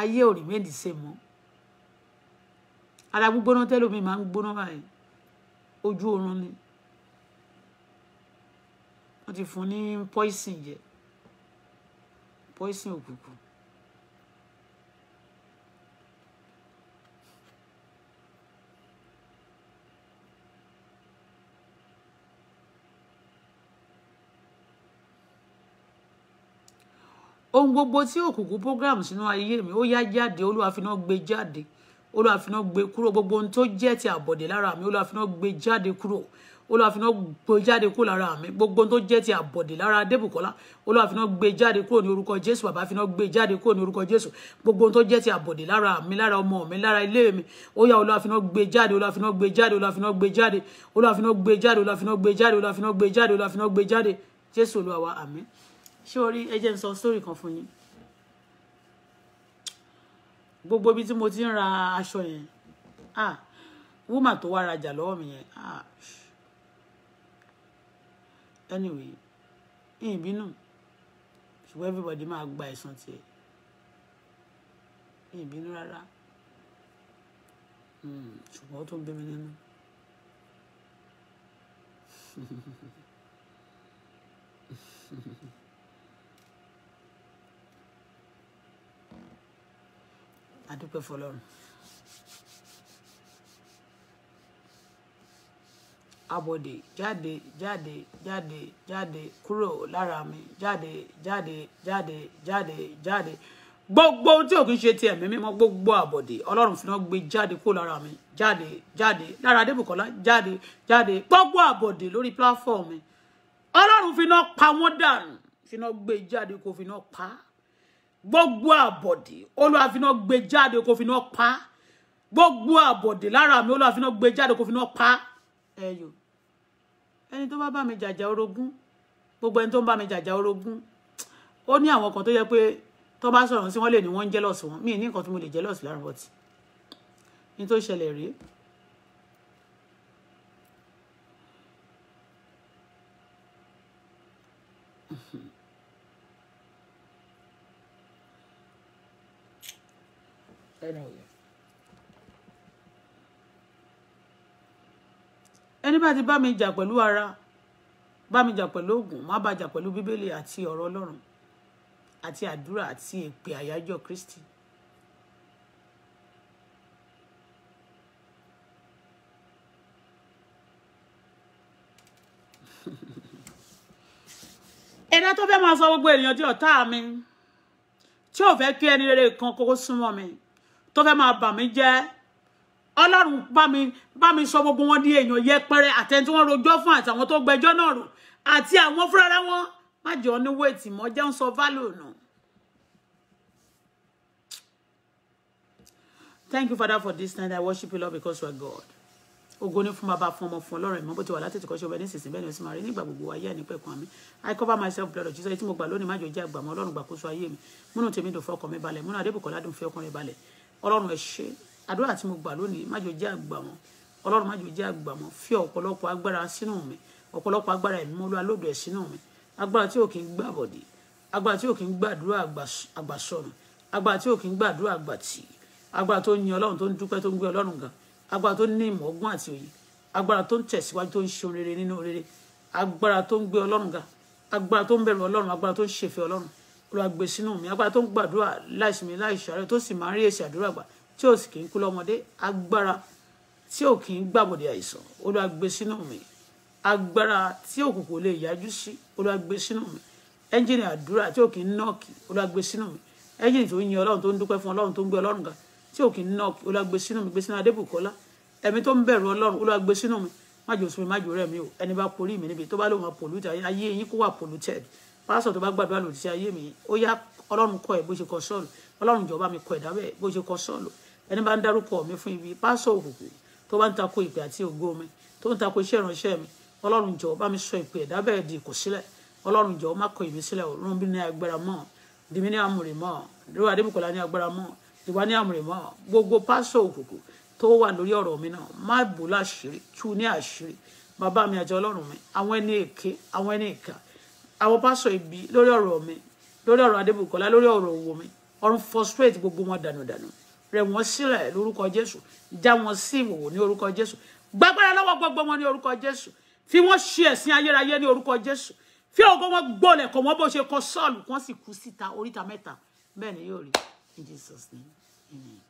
ayé ò rí méjì ṣe mọ ara gbígbóná tẹlómi máa ń gbóná báyìí ojú oorun ni wọn ti fún ní poison jẹ poison òkùnkùn ohun gbogbo tí òkùnkùn program sínú ayé mi ó yá jáde olúwa fi náà gbé jáde olúwa fi náà gbé kúrò gbogbo ohun tó jẹ́ ti àbọ̀dé lára mi olúwa fi náà gbé jáde kúrò olúwa fi náà gbé jáde kúrò lára mi gbogbo ohun tó jẹ́ ti àbọ̀dé lára adébùkọ́lá olúwa fi náà gbé jáde kúrò ní orúkọ jésù bàbá fi náà gbé jáde kúrò ní orúkọ jésù gbogbo ohun tó jẹ́ ti àbọ̀dé lára mi lára ọmọ mi lára ilé mi ó yá olúwa gbé jáde olúwa gbé jáde olúwa gbé jáde olúwa gbé jáde olúwa gbé jáde olúwa gbé jáde olúwa gbé jáde jésù olúwa wa àmín ṣé orí ẹ jẹ́ sọ story kan fún yín gbogbo ibi tí mo ti ń ra aṣọ yẹn ah wúmà tó wá rajà lọ́wọ́ mi yẹn ah anyway ìyìn bínú ṣùgbọ́n everybody máa gba ẹ̀san tiẹ̀ ìyìn bínú rárá hmm, ṣùgbọ́n ó tún bí mi nínú àdúpẹ́ fọlọ́run abọ̀dè jáde jáde jáde jáde kúrò lára mi jáde jáde jáde jáde jáde gbogbo tí ò kí ń ṣe ti ẹ̀mí mímọ́ gbogbo àbọ̀dè ọlọ́run fi náà gbé jáde kúrò lára mi jáde jáde lára adébùkọ́lá jáde jáde gbogbo àbọ̀dè lórí pláfọ́ọ̀mù ọlọ́run fi náà pa wọ́n dànù fi náà gbé jáde kó fi náà pa á gbogbo àbọ̀dè olúwa fi iná gbé jáde kó fi iná pa gbogbo àbọ̀dè lára mi olúwa fi iná gbé jáde kó fi iná pa ẹyọ ẹni tó bá bá mi jàjà orogún gbogbo ẹni tó ń bá mi jàjà orogún ó ní àwọn kan tó yẹ pé tó bá sọ̀rọ̀ sí wọn lè ní wọ́n ń jealous wọn mí ní nǹkan tí mo lè jealous lára wọn ti ní tó ṣẹlẹ̀ rèé anyway. ẹni bá ti bá mi jà pẹ̀lú ara bá mi jà pẹ̀lú oògùn má bá jà pẹ̀lú bíbélì àti ọ̀rọ̀ ọlọ́run àti àdúrà àti èpè àyájọ́ kristi. ẹ̀dá tó fẹ́ máa sọ gbogbo ènìyàn di ọ̀tá mi tí ò fẹ́ kí ẹni rere kan kókó súnmọ́ mi tó fẹ́ máa bà mí jẹ́ ọlọ́run bá mi bá mi sọ gbogbo wọn di èèyàn yẹpẹrẹ àtẹni tí wọ́n rojọ́ fún àtàwọn tó gbẹjọ́ náà rò àti àwọn fúnra wọn má jẹ́ ọ ní wéètì mọ́ jẹ́ ń value nù. Thank you, Father, for this night. I worship you, Lord, because you are God. Ògo ni fún baba fún ọmọ fún Ọlọ́run ìmọ̀ bó ti wà láti ti ko se obe ni sisin ni ó sì máa rí gbogbo ayé ani pe kun mi I cover myself blood of Jesus tí mo gbà lónìí má jò jẹ́ àgbà mọ́ Ọlọ́run gbà kó so ayé mi múnú tèmi dùn fọkàn mi balẹ̀ múnú Adébùkọ́lá dùn fi ọkàn rẹ̀ balẹ̀ ọlọ́run ẹ ṣé àdúrà tí mo gbà lónìí má jò jẹ́ àgbà wọn ọlọ́run má jò jẹ́ àgbà wọn fi ọ̀pọ̀lọpọ̀ agbára sínú mi ọ̀pọ̀lọpọ̀ agbára ẹ̀mí mọ́lú alódò ẹ̀ sínú mi agbára tí ò kì í gbàbọ̀dé agbára tí ò kì í gbàdúrà àgbàsọnù agbára tí ò kì í gbàdúrà àgbàtì agbára tó ń yin ọlọ́run tó ń dúpẹ́ tó ń gbé ọlọ́run ga agbára tó ní ìmọ̀ ọgbọ́n àti òye agbára tó ń tẹ̀síwájú tó ń ṣe rere nínú rere agbára tó ń gbé ọlọ́run ga agbára tó ń bẹ̀rù ọlọ́run agbára tó ń ṣèfẹ́ ọlọ́run olùwàgbé sínú mi agbára tó ń gbàdúrà láìsí mi láìsí àárẹ̀ tó sì máa ń rí èsì àdúrà gbà tí ò sì kì í kú lọ́mọdé agbára tí ò kì í gbàbọ̀dẹ̀ àìsàn olùwàgbé sínú mi agbára tí òkùnkùn lè yájú sí olùwàgbé sínú mi ẹ́ńjìnì àdúrà tí ò kì í nọ́ọ̀kì olùwàgbé sínú mi ẹ́ńjìnì tó ń yin ọlọ́run tó ń dúpẹ́ fún ọlọ́run tó ń gbé ọlọ́run ga tí ò kì í nọ́ọ̀kì olùwàgbé sínú mi gbé sínú adébùkọ́lá ẹ̀mí tó ń bẹ̀rù ọlọ́run olùwàgbé sínú mi májò sùn mi o ẹni bá porí mi níbi tó bá lóun máa pòlùtẹ̀ ayé yín kó wà pòlùtẹ̀ pásọ tó bá gbàdúrà lòdì sí ayé mi ó yá ọlọ́run kọ ẹ bó ṣe kọ sọọlù ọlọ́run jọba mi kọ ẹ̀dá bẹ́ẹ̀ bó ṣe kọ sọọlù ẹni bá ń dárúkọ mi fún ibi pásọ òkùnkùn tó bá ń tako ìpè àti ògo mi tó ń tako iṣẹ́ ìránṣẹ́ mi ọlọ́run jọ̀ọ́ bá mi sọ ìpè ẹ̀dá di kò sílẹ̀ ọlọ́run jọ̀ọ́ má kọ ìmí sílẹ̀ òun bí ní agbára mọ́ dìmí ní àmúrè mọ́ ríro adébùkọ́lá ní agbára mọ́ ìwà ní àmúrè mọ́ gbogbo pásọ òkùnkùn tó wà lórí ọ̀rọ̀ àwọn pásọ ibi lórí ọ̀rọ̀ mi lórí ọ̀rọ̀ adébùkọ́lá lórí ọ̀rọ̀ òwò mi ọrùn frustrate gbogbo wọn dànùdànù rẹ̀ wọ́n sílẹ̀ lórúkọ jésù já wọn sí ìwòwò ní orúkọ jésù gbàgbára lọ́wọ́ gbogbo wọn ní orúkọ jésù fi wọ́n ṣe ẹ̀sìn ayérayé ní orúkọ jésù fi ògo wọn gbọ́lẹ̀ kọ̀ wọ́n bó ṣe kọ sọ́ọ̀lù kí wọ́n sì kú síta oríta mẹ́ta bẹ́ẹ̀ ni yóò rí in jesus name amen.